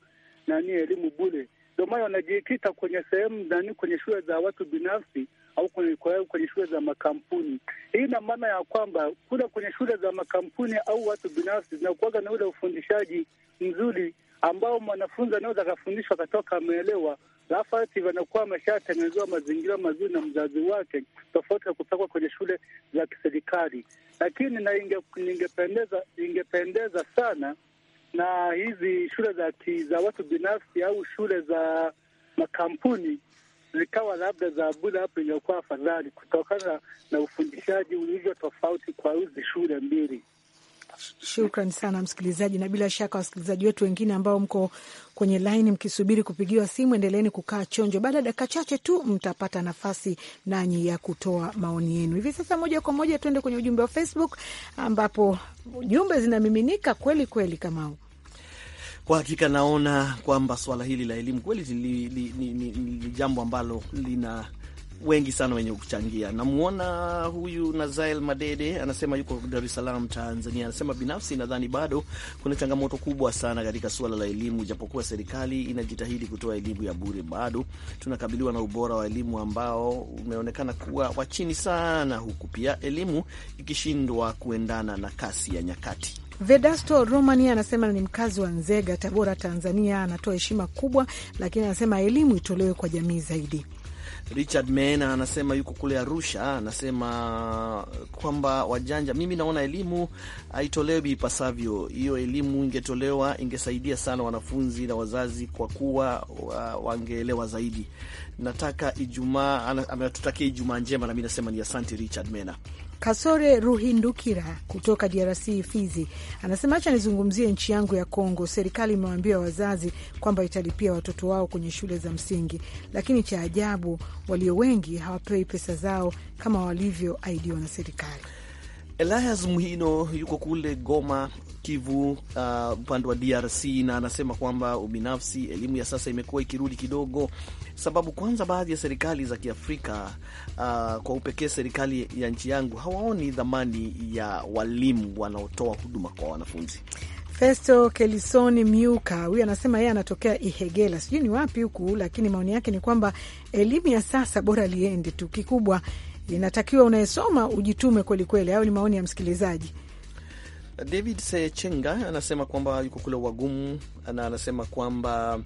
nani elimu bure. Ndio maana wanajikita kwenye sehemu nani, kwenye shule za watu binafsi au kwenye, kwenye shule za makampuni. Hii ina maana ya kwamba kule kwenye shule za makampuni au watu binafsi zinakuwaga na ule ufundishaji mzuri ambao mwanafunzi anaweza akafundishwa akatoka ameelewa Rafati wanakuwa wameshatengenezewa mazingira mazuri na mzazi wake, tofauti ya kupakwa kwenye shule za kiserikali. Lakini na inge, ingependeza ingependeza sana na hizi shule za za watu binafsi au shule za makampuni zikawa labda za bure, hapo ingekuwa afadhali, kutokana na ufundishaji ulivyo tofauti kwa hizi shule mbili. Shukran sana msikilizaji, na bila shaka wasikilizaji wetu wengine ambao mko kwenye laini mkisubiri kupigiwa simu, endeleeni kukaa chonjo. Baada ya dakika chache tu mtapata nafasi nanyi ya kutoa maoni yenu. Hivi sasa moja kwa moja tuende kwenye ujumbe wa Facebook ambapo jumbe zinamiminika kweli kweli. Kamau, kwa hakika naona kwamba swala hili la elimu kweli ni, ni, ni, ni, ni jambo ambalo lina wengi sana wenye kuchangia. Namuona huyu Nazael Madede anasema yuko Dar es Salaam, Tanzania. Anasema binafsi nadhani bado kuna changamoto kubwa sana katika suala la elimu, japokuwa serikali inajitahidi kutoa elimu ya bure, bado tunakabiliwa na ubora wa elimu ambao umeonekana kuwa wa chini sana, huku pia elimu ikishindwa kuendana na kasi ya nyakati. Vedasto romani anasema ni mkazi wa Nzega, Tabora, Tanzania. Anatoa heshima kubwa, lakini anasema elimu itolewe kwa jamii zaidi. Richard Mena anasema yuko kule Arusha, anasema kwamba wajanja. Mimi naona elimu haitolewi ipasavyo. Hiyo elimu ingetolewa ingesaidia sana wanafunzi na wazazi, kwa kuwa wangeelewa zaidi. Nataka Ijumaa, ametutakia Ijumaa njema, nami nasema ni asante Richard Mena. Kasore Ruhindukira kutoka DRC Fizi anasema acha nizungumzie nchi yangu ya Kongo. Serikali imewaambia wazazi kwamba italipia watoto wao kwenye shule za msingi, lakini cha ajabu, walio wengi hawapewi pesa zao kama walivyoahidiwa na serikali. Elias Mhino yuko kule Goma, Kivu uh, upande uh, wa DRC, na anasema kwamba ubinafsi, elimu ya sasa imekuwa ikirudi kidogo, sababu kwanza baadhi ya serikali za Kiafrika uh, kwa upekee serikali ya nchi yangu hawaoni dhamani ya walimu wanaotoa huduma kwa wanafunzi. Festo Kelisoni myuka huyu anasema yeye anatokea Ihegela, sijui ni wapi huku, lakini maoni yake ni kwamba elimu ya sasa bora liende tu, kikubwa inatakiwa unayesoma ujitume kwelikweli, au ni maoni ya msikilizaji. David Sechenga anasema kwamba yuko kule wagumu na anasema kwamba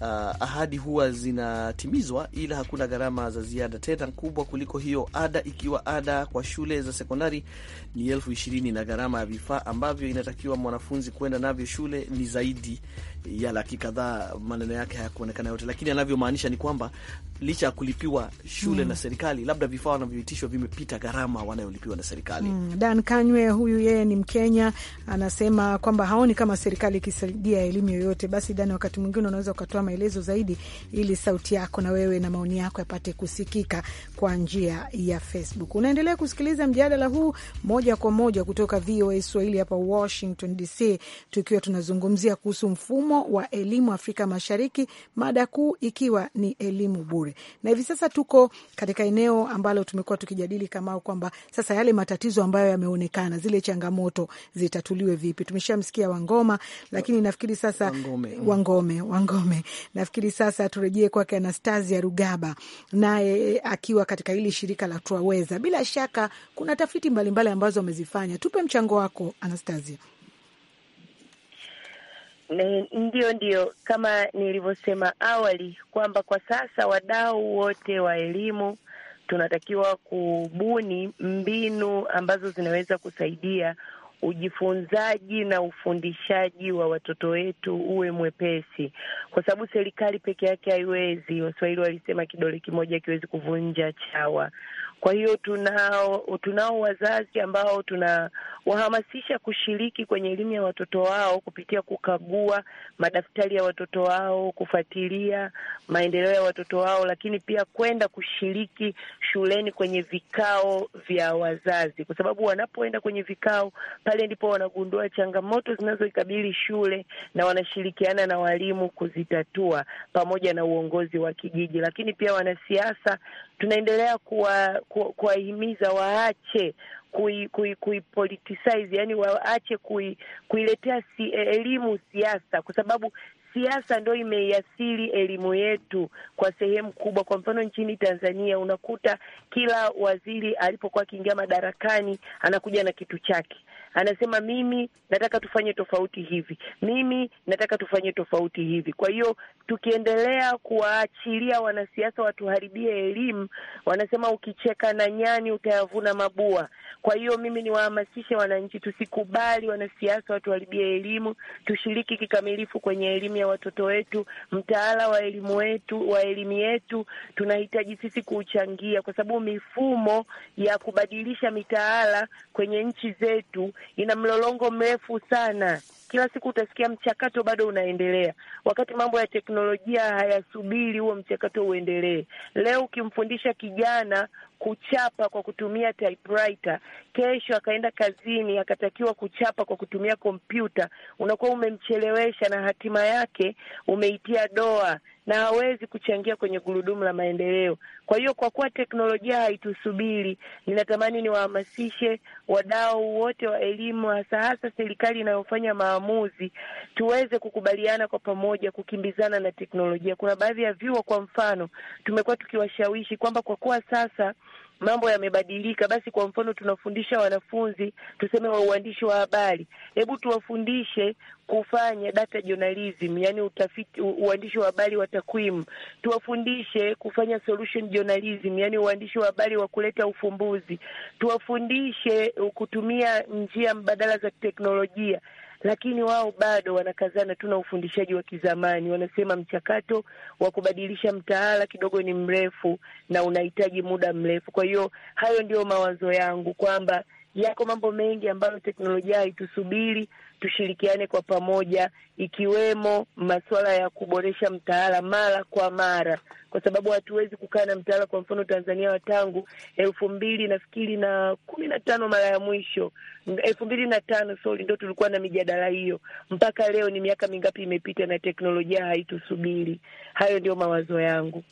uh, ahadi huwa zinatimizwa, ila hakuna gharama za ziada tena kubwa kuliko hiyo ada, ikiwa ada kwa shule za sekondari ni elfu ishirini na gharama ya vifaa ambavyo inatakiwa mwanafunzi kwenda navyo shule ni zaidi ya laki kadhaa. Maneno yake hayakuonekana yote, lakini anavyomaanisha ni kwamba licha ya kulipiwa shule mm, na serikali, labda vifaa wanavyoitishwa vimepita gharama wanayolipiwa na serikali. Mm, Dan Kanywe huyu yeye ni Mkenya, anasema kwamba haoni kama serikali ikisaidia elimu yoyote. Basi Dani, wakati mwingine unaweza ukatoa maelezo zaidi ili sauti yako na wewe na maoni yako yapate kusikika kwa njia ya Facebook. Unaendelea kusikiliza mjadala huu moja kwa moja kutoka VOA Swahili hapa Washington DC, tukiwa tunazungumzia kuhusu mfumo wa elimu Afrika Mashariki, mada kuu ikiwa ni elimu bure. Na hivi sasa tuko katika eneo ambalo tumekuwa tukijadili Kamau kwamba sasa yale matatizo ambayo yameonekana, zile changamoto zitatuliwe vipi. Tumeshamsikia Wangoma, lakini nafikiri sasa Wangome, Wangome, Wangome. Nafikiri sasa turejee kwake Anastasia Rugaba, naye akiwa katika hili shirika la Twaweza. Bila shaka kuna tafiti mbalimbali mbali ambazo wamezifanya. Tupe mchango wako Anastasia. Ndio, ndio, kama nilivyosema awali kwamba kwa sasa wadau wote wa elimu tunatakiwa kubuni mbinu ambazo zinaweza kusaidia ujifunzaji na ufundishaji wa watoto wetu uwe mwepesi, kwa sababu serikali peke yake haiwezi. Waswahili walisema kidole kimoja kiwezi kuvunja chawa. Kwa hiyo tunao tunao wazazi ambao tunawahamasisha kushiriki kwenye elimu ya watoto wao kupitia kukagua madaftari ya watoto wao, kufuatilia maendeleo ya watoto wao, lakini pia kwenda kushiriki shuleni kwenye vikao vya wazazi, kwa sababu wanapoenda kwenye vikao pale ndipo wanagundua changamoto zinazoikabili shule na wanashirikiana na walimu kuzitatua pamoja na uongozi wa kijiji, lakini pia wanasiasa tunaendelea kuwahimiza kuwa, waache kuipoliticize kui, kui yani waache kuiletea kui si, e, elimu siasa, kwa sababu siasa ndo imeiathiri elimu yetu kwa sehemu kubwa. Kwa mfano nchini Tanzania unakuta kila waziri alipokuwa akiingia madarakani anakuja na kitu chake anasema mimi nataka tufanye tofauti hivi, mimi nataka tufanye tofauti hivi. Kwa hiyo tukiendelea kuwaachilia wanasiasa watuharibie elimu, wanasema ukicheka na nyani utayavuna mabua. Kwa hiyo mimi niwahamasishe wananchi, tusikubali wanasiasa watuharibie elimu, tushiriki kikamilifu kwenye elimu ya watoto wetu, mtaala wa elimu wetu wa elimu yetu tunahitaji sisi kuuchangia, kwa sababu mifumo ya kubadilisha mitaala kwenye nchi zetu ina mlolongo mrefu sana kila siku utasikia mchakato bado unaendelea, wakati mambo ya teknolojia hayasubiri huo mchakato uendelee. Leo ukimfundisha kijana kuchapa kwa kutumia typewriter, kesho akaenda kazini akatakiwa kuchapa kwa kutumia kompyuta, unakuwa umemchelewesha na hatima yake umeitia doa na hawezi kuchangia kwenye gurudumu la maendeleo. Kwa hiyo, kwa kuwa teknolojia haitusubiri, ninatamani niwahamasishe wadau wote wa elimu, hasa hasa serikali inayofanya maamuzi maamuzi tuweze kukubaliana kwa pamoja kukimbizana na teknolojia. Kuna baadhi ya vyuo kwa mfano tumekuwa tukiwashawishi kwamba kwa kuwa sasa mambo yamebadilika, basi kwa mfano tunafundisha wanafunzi tuseme wa uandishi wa habari, hebu tuwafundishe kufanya data journalism, yani utafiti, uandishi wa habari wa takwimu. Tuwafundishe kufanya solution journalism, yani uandishi wa habari wa kuleta ufumbuzi. Tuwafundishe kutumia njia mbadala za teknolojia lakini wao bado wanakazana tu na ufundishaji wa kizamani. Wanasema mchakato wa kubadilisha mtaala kidogo ni mrefu na unahitaji muda mrefu. Kwa hiyo hayo ndiyo mawazo yangu kwamba yako mambo mengi ambayo teknolojia haitusubiri, tushirikiane kwa pamoja, ikiwemo masuala ya kuboresha mtaala mara kwa mara, kwa sababu hatuwezi kukaa na mtaala. Kwa mfano Tanzania wa tangu elfu mbili nafikiri na kumi na tano mara ya mwisho elfu mbili na tano sori, ndo tulikuwa na mijadala hiyo. Mpaka leo ni miaka mingapi imepita na teknolojia haitusubiri. Hayo ndio mawazo yangu.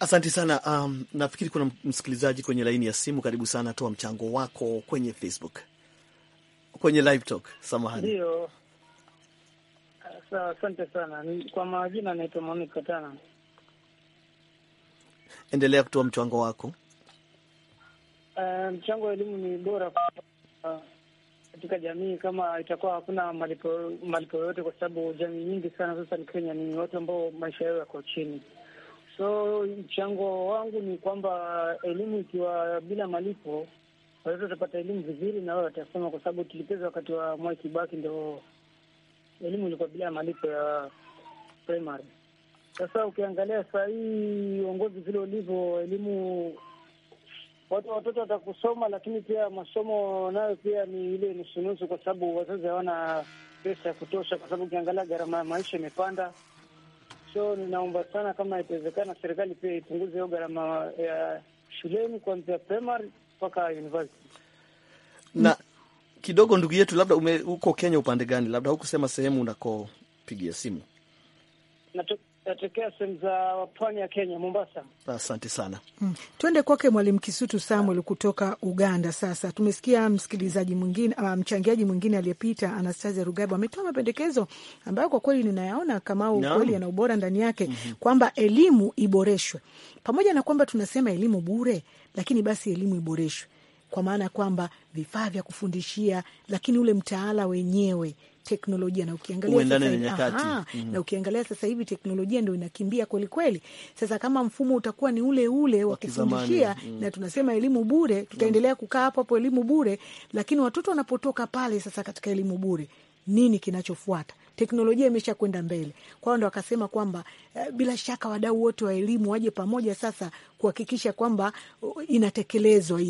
Asante sana. Um, nafikiri kuna msikilizaji kwenye laini ya simu. Karibu sana, toa mchango wako kwenye Facebook, kwenye live talk. Samahani, ndio. Asante sana. Kwa majina naitwa Monica Tana. Endelea kutoa mchango wako. Uh, mchango wa elimu ni bora katika jamii kama itakuwa hakuna malipo yoyote, kwa sababu jamii nyingi sana sasa ni Kenya ni watu ambao maisha yao yako chini So mchango wangu ni kwamba elimu ikiwa bila malipo, watoto watapata elimu vizuri na wao watasoma, kwa sababu tulipeza wakati wa Mwai Kibaki, ndo elimu ilikuwa bila malipo ya primary. Sasa ukiangalia saa hii uongozi vile ulivyo, elimu watu watoto watakusoma, lakini pia masomo nayo pia ni ile nusunusu, kwa sababu wazazi hawana pesa ya kutosha, kwa sababu ukiangalia gharama ya maisha imepanda. So ninaomba sana kama itawezekana, serikali pia ipunguze hiyo gharama ya shuleni kuanzia primary mpaka university na kidogo. Ndugu yetu, labda ume, uko Kenya upande gani? Labda hukusema sehemu unakopigia simu Natu, natokea sehemu za pwani ya Kenya, Mombasa. Asante sana Hmm, Tuende kwake Mwalimu Kisutu Samuel kutoka Uganda. Sasa tumesikia msikilizaji mwingine uh, mchangiaji mwingine aliyepita, Anastasia Rugabo ametoa mapendekezo ambayo kwa kweli ninayaona kama ukweli yana ubora ndani yake mm -hmm. kwamba elimu iboreshwe, pamoja na kwamba tunasema elimu bure, lakini basi elimu iboreshwe kwa maana ya kwamba vifaa vya kufundishia, lakini ule mtaala wenyewe teknolojia na ukiangalia sasa hivi, aha, mm -hmm. na ukiangalia sasa hivi teknolojia ndio inakimbia kweli kweli. Sasa kama mfumo utakuwa ni ule ule wa kufundishia mm -hmm. na tunasema elimu bure, tutaendelea kukaa hapo hapo elimu bure, lakini watoto wanapotoka pale sasa katika elimu bure, nini kinachofuata? teknolojia imesha kwenda mbele. Kwa hiyo ndo akasema kwamba eh, bila shaka wadau wote wa elimu waje pamoja sasa kuhakikisha kwamba uh, inatekelezwa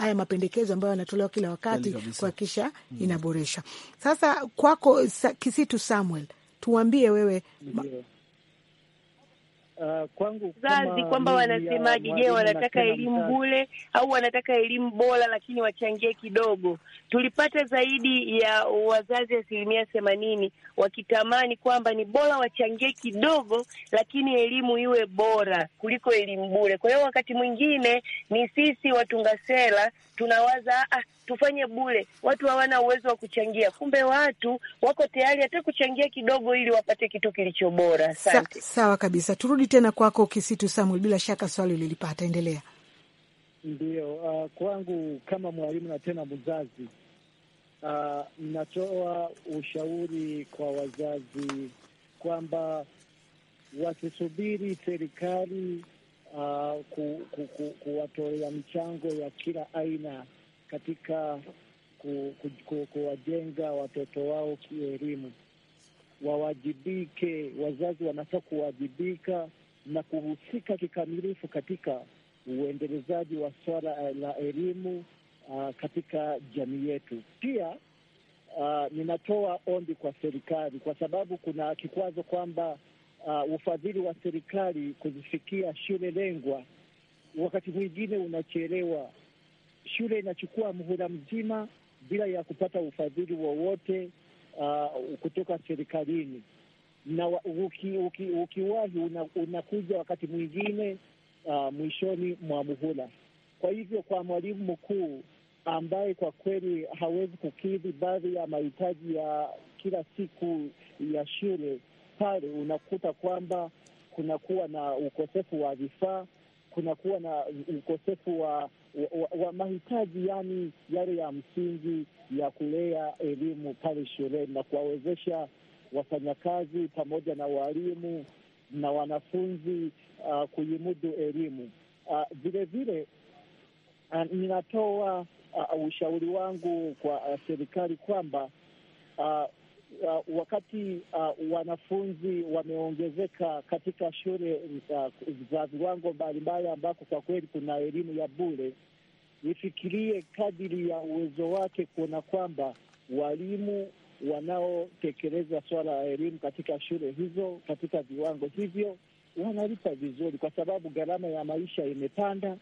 haya mapendekezo ambayo yanatolewa kila wakati kuhakikisha mm. inaboreshwa. Sasa kwako Kisitu Samuel, tuwambie wewe. Uh, kwangu wazazi kwamba wanasemaje? Je, wanataka elimu bure au wanataka elimu bora, lakini wachangie kidogo? Tulipata zaidi ya wazazi asilimia themanini wakitamani kwamba ni bora wachangie kidogo, lakini elimu iwe bora kuliko elimu bure. Kwa hiyo wakati mwingine ni sisi watunga sera tunawaza ah, tufanye bure, watu hawana uwezo wa kuchangia. Kumbe watu wako tayari hata kuchangia kidogo ili wapate kitu kilicho bora. Asante. Sa, sawa kabisa, turudi Narudi tena kwako Kisitu Samuel, bila shaka swali ulilipata, endelea. Ndiyo, uh, kwangu kama mwalimu na tena mzazi uh, natoa ushauri kwa wazazi kwamba wasisubiri serikali uh, ku, ku, ku, kuwatolea michango ya kila aina katika kuwajenga ku, ku, ku watoto wao kielimu wawajibike, wazazi wanafaa kuwajibika na kuhusika kikamilifu katika uendelezaji wa swala eh, la elimu uh, katika jamii yetu. Pia uh, ninatoa ombi kwa serikali, kwa sababu kuna kikwazo kwamba uh, ufadhili wa serikali kuzifikia shule lengwa wakati mwingine unachelewa. Shule inachukua muhula mzima bila ya kupata ufadhili wowote uh, kutoka serikalini, na ukiwahi uki, uki una, unakuja wakati mwingine uh, mwishoni mwa muhula. Kwa hivyo kwa mwalimu mkuu ambaye kwa kweli hawezi kukidhi baadhi ya mahitaji ya kila siku ya shule, pale unakuta kwamba kunakuwa na ukosefu wa vifaa, kunakuwa na ukosefu wa, wa, wa, wa mahitaji yani yale ya msingi ya kulea elimu pale shuleni na kuwawezesha wafanyakazi pamoja na walimu na wanafunzi uh, kuimudu elimu uh, vile vile uh, ninatoa uh, ushauri wangu kwa uh, serikali kwamba uh, uh, wakati uh, wanafunzi wameongezeka katika shule uh, za viwango mbalimbali ambako kwa kweli kuna elimu ya bure ifikirie kadiri ya uwezo wake kuona kwamba walimu wanaotekeleza swala la elimu katika shule hizo katika viwango hivyo wanalipa vizuri, kwa sababu gharama ya maisha imepanda,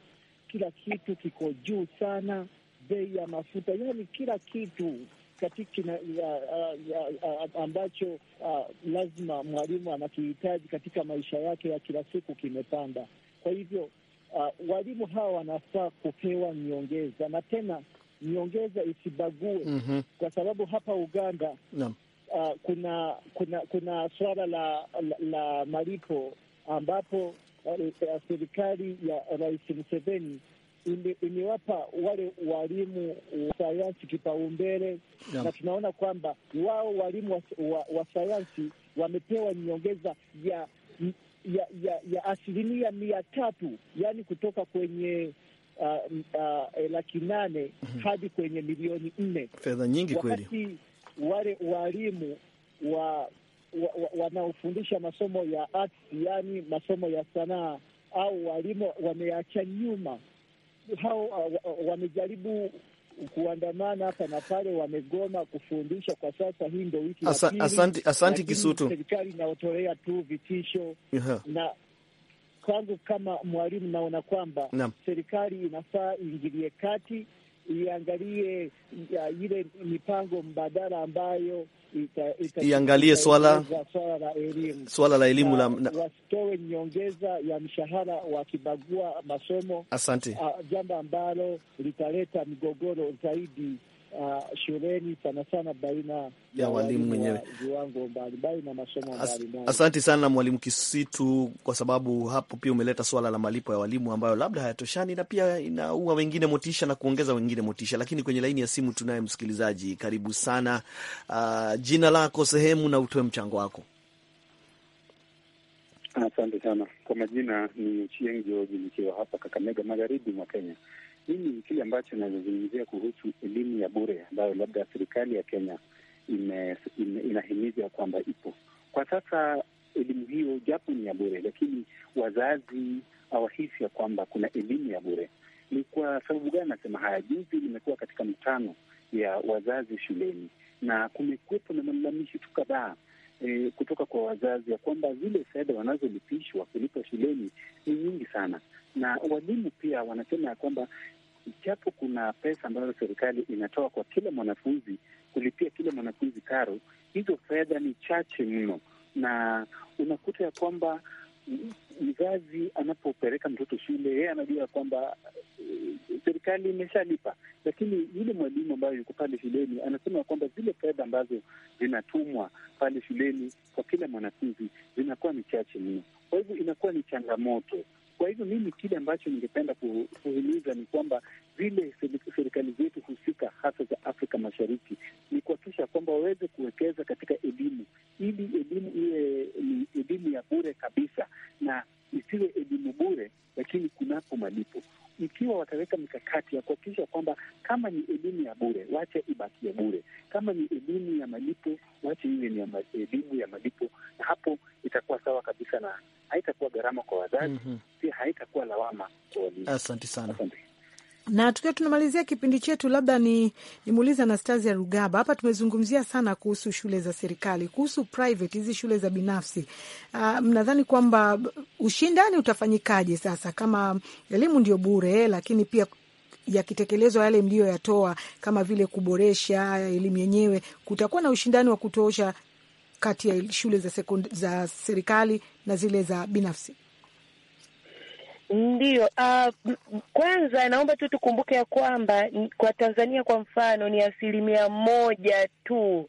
kila kitu kiko juu sana, bei ya mafuta, yaani kila kitu katika ambacho uh, lazima mwalimu anakihitaji katika maisha yake ya kila siku kimepanda. Kwa hivyo uh, walimu hawa wanafaa kupewa nyongeza na tena nyongeza isibague mm -hmm. Kwa sababu hapa Uganda no. uh, ah, kuna kuna kuna suala la, la, la malipo ambapo uh, serikali ya Rais Museveni imewapa wale walimu wa sayansi kipaumbele yeah. Na tunaona kwamba wao walimu wa, wa, wa sayansi wamepewa nyongeza ya ya, ya, ya asilimia mia tatu yaani kutoka kwenye uh, uh, eh, laki nane mhm. hadi kwenye milioni nne. Fedha nyingi kweli. Wale waalimu wa wanaofundisha wa, wa masomo ya arts, yani masomo ya sanaa au walimu wameacha nyuma hao, uh, wamejaribu kuandamana hapa na pale, wamegoma kufundisha kwa sasa. Hii ndo wiki ya asanti, Kisutu. Serikali inaotolea tu vitisho -huh. na kwangu kama mwalimu naona kwamba serikali inafaa iingilie kati iangalie uh, ile mipango mbadala ambayo iangalie swala swala la elimu la elimu na... wasitoe nyongeza ya mshahara wakibagua masomo. Asante, uh, jambo ambalo litaleta migogoro zaidi uh, shuleni sana sana baina ya walimu wenyewe viwango mbalimbali na masomo mbalimbali. Asante sana Mwalimu Kisitu, kwa sababu hapo pia umeleta swala la malipo ya walimu ambayo labda hayatoshani na pia inaua wengine motisha na kuongeza wengine motisha. Lakini kwenye laini ya simu tunaye msikilizaji, karibu sana. Uh, jina lako, sehemu na utoe mchango wako. Asante sana kwa majina, ni Chieng George nikiwa hapa Kakamega, magharibi mwa Kenya. Mimi kile ambacho inazozungumzia kuhusu elimu ya bure ambayo labda serikali ya Kenya ime, ime, inahimiza kwamba ipo kwa sasa. Elimu hiyo japo ni ya bure, lakini wazazi hawahisi ya kwamba kuna elimu ya bure. Ni kwa sababu gani nasema haya? Juzi limekuwa katika mkutano ya wazazi shuleni na kumekuwepo na malalamishi tu kadhaa e, kutoka kwa wazazi ya kwamba zile fedha wanazolipishwa kulipa shuleni ni nyingi sana, na walimu pia wanasema ya kwamba japo kuna pesa ambazo serikali inatoa kwa kila mwanafunzi kulipia kila mwanafunzi karo, hizo fedha ni chache mno, na unakuta ya kwamba mzazi anapopeleka mtoto shule, yeye anajua kwamba eh, serikali imeshalipa, lakini yule mwalimu ambayo yuko pale shuleni anasema kwamba zile fedha ambazo zinatumwa pale shuleni kwa kila mwanafunzi zinakuwa ni chache mno. Kwa hivyo inakuwa ni changamoto kwa hivyo mimi kile ambacho ningependa kuhimiza ni kwamba zile serikali zetu husika hasa za Afrika Mashariki ni kuhakikisha kwamba waweze kuwekeza katika elimu, ili elimu iwe ni elimu ya bure kabisa na isiwe elimu bure, lakini kunapo malipo ikiwa wataweka mikakati ya kuhakikisha kwamba kama ni elimu ya bure, wache ibakie bure, kama ni elimu ya malipo, wache iwe ni elimu ya malipo, na hapo itakuwa sawa kabisa na haitakuwa gharama kwa wazazi, mhm. pia mm -hmm. haitakuwa lawama kwa walimu. Asante sana, asante na tukiwa tunamalizia kipindi chetu, labda ni nimuulize Anastasia Rugaba. Hapa tumezungumzia sana kuhusu shule za serikali, kuhusu private, hizi shule za binafsi. Uh, mnadhani kwamba ushindani utafanyikaje sasa kama elimu ndio bure, lakini pia yakitekelezwa yale mliyoyatoa kama vile kuboresha elimu yenyewe, kutakuwa na ushindani wa kutosha kati ya shule za, za serikali na zile za binafsi? Ndiyo. Uh, ah, kwanza naomba tu tukumbuke ya kwamba kwa Tanzania kwa mfano ni asilimia moja tu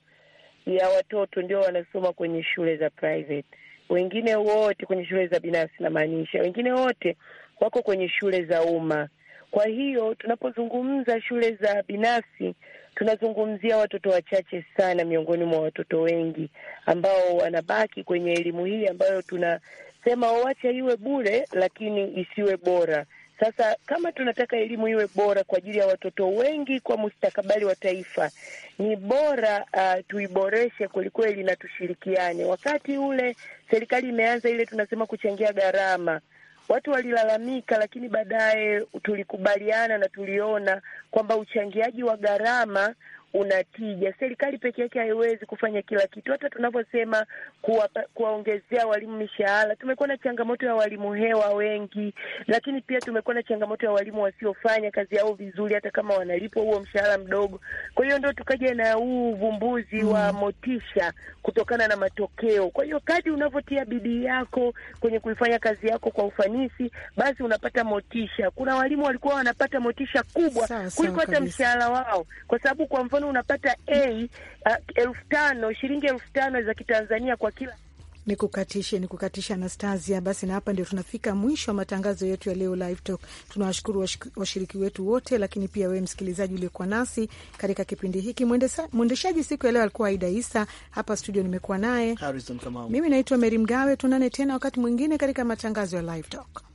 ya watoto ndio wanasoma kwenye shule za private, wengine wote kwenye shule za binafsi, namaanisha wengine wote wako kwenye shule za umma. Kwa hiyo tunapozungumza shule za binafsi, tunazungumzia watoto wachache sana miongoni mwa watoto wengi ambao wanabaki kwenye elimu hii ambayo tuna sema wawacha iwe bure, lakini isiwe bora. Sasa kama tunataka elimu iwe bora kwa ajili ya watoto wengi kwa mustakabali wa taifa, ni bora uh, tuiboreshe kwelikweli na tushirikiane. Wakati ule serikali imeanza ile tunasema kuchangia gharama, watu walilalamika, lakini baadaye tulikubaliana na tuliona kwamba uchangiaji wa gharama una tija. Serikali peke yake haiwezi kufanya kila kitu, hata tunavyosema kuwaongezea kuwa walimu mishahara. Tumekuwa na changamoto ya walimu hewa wengi, lakini pia tumekuwa na changamoto ya walimu wasiofanya kazi yao vizuri, hata kama wanalipwa huo mshahara mdogo. Kwa hiyo ndo tukaja na huu uvumbuzi mm, wa motisha kutokana na matokeo. Kwa hiyo kadi unavyotia bidii yako kwenye kuifanya kazi yako kwa ufanisi, basi unapata motisha. Kuna walimu walikuwa wanapata motisha kubwa kuliko hata mshahara wao, kwa sababu kwa mfano mfano unapata A uh, elfu tano shilingi elfu tano za Kitanzania kwa kila ni kukatishe ni kukatishe Anastasia. Basi na hapa ndio tunafika mwisho wa matangazo yetu ya leo Live Talk. Tunawashukuru washiriki wetu wote, lakini pia wewe msikilizaji uliokuwa nasi katika kipindi hiki. Mwendeshaji siku ya leo alikuwa Aida Isa, hapa studio nimekuwa naye Harrison Kamau, mimi naitwa Meri Mgawe. Tunane tena wakati mwingine katika matangazo ya Live Talk.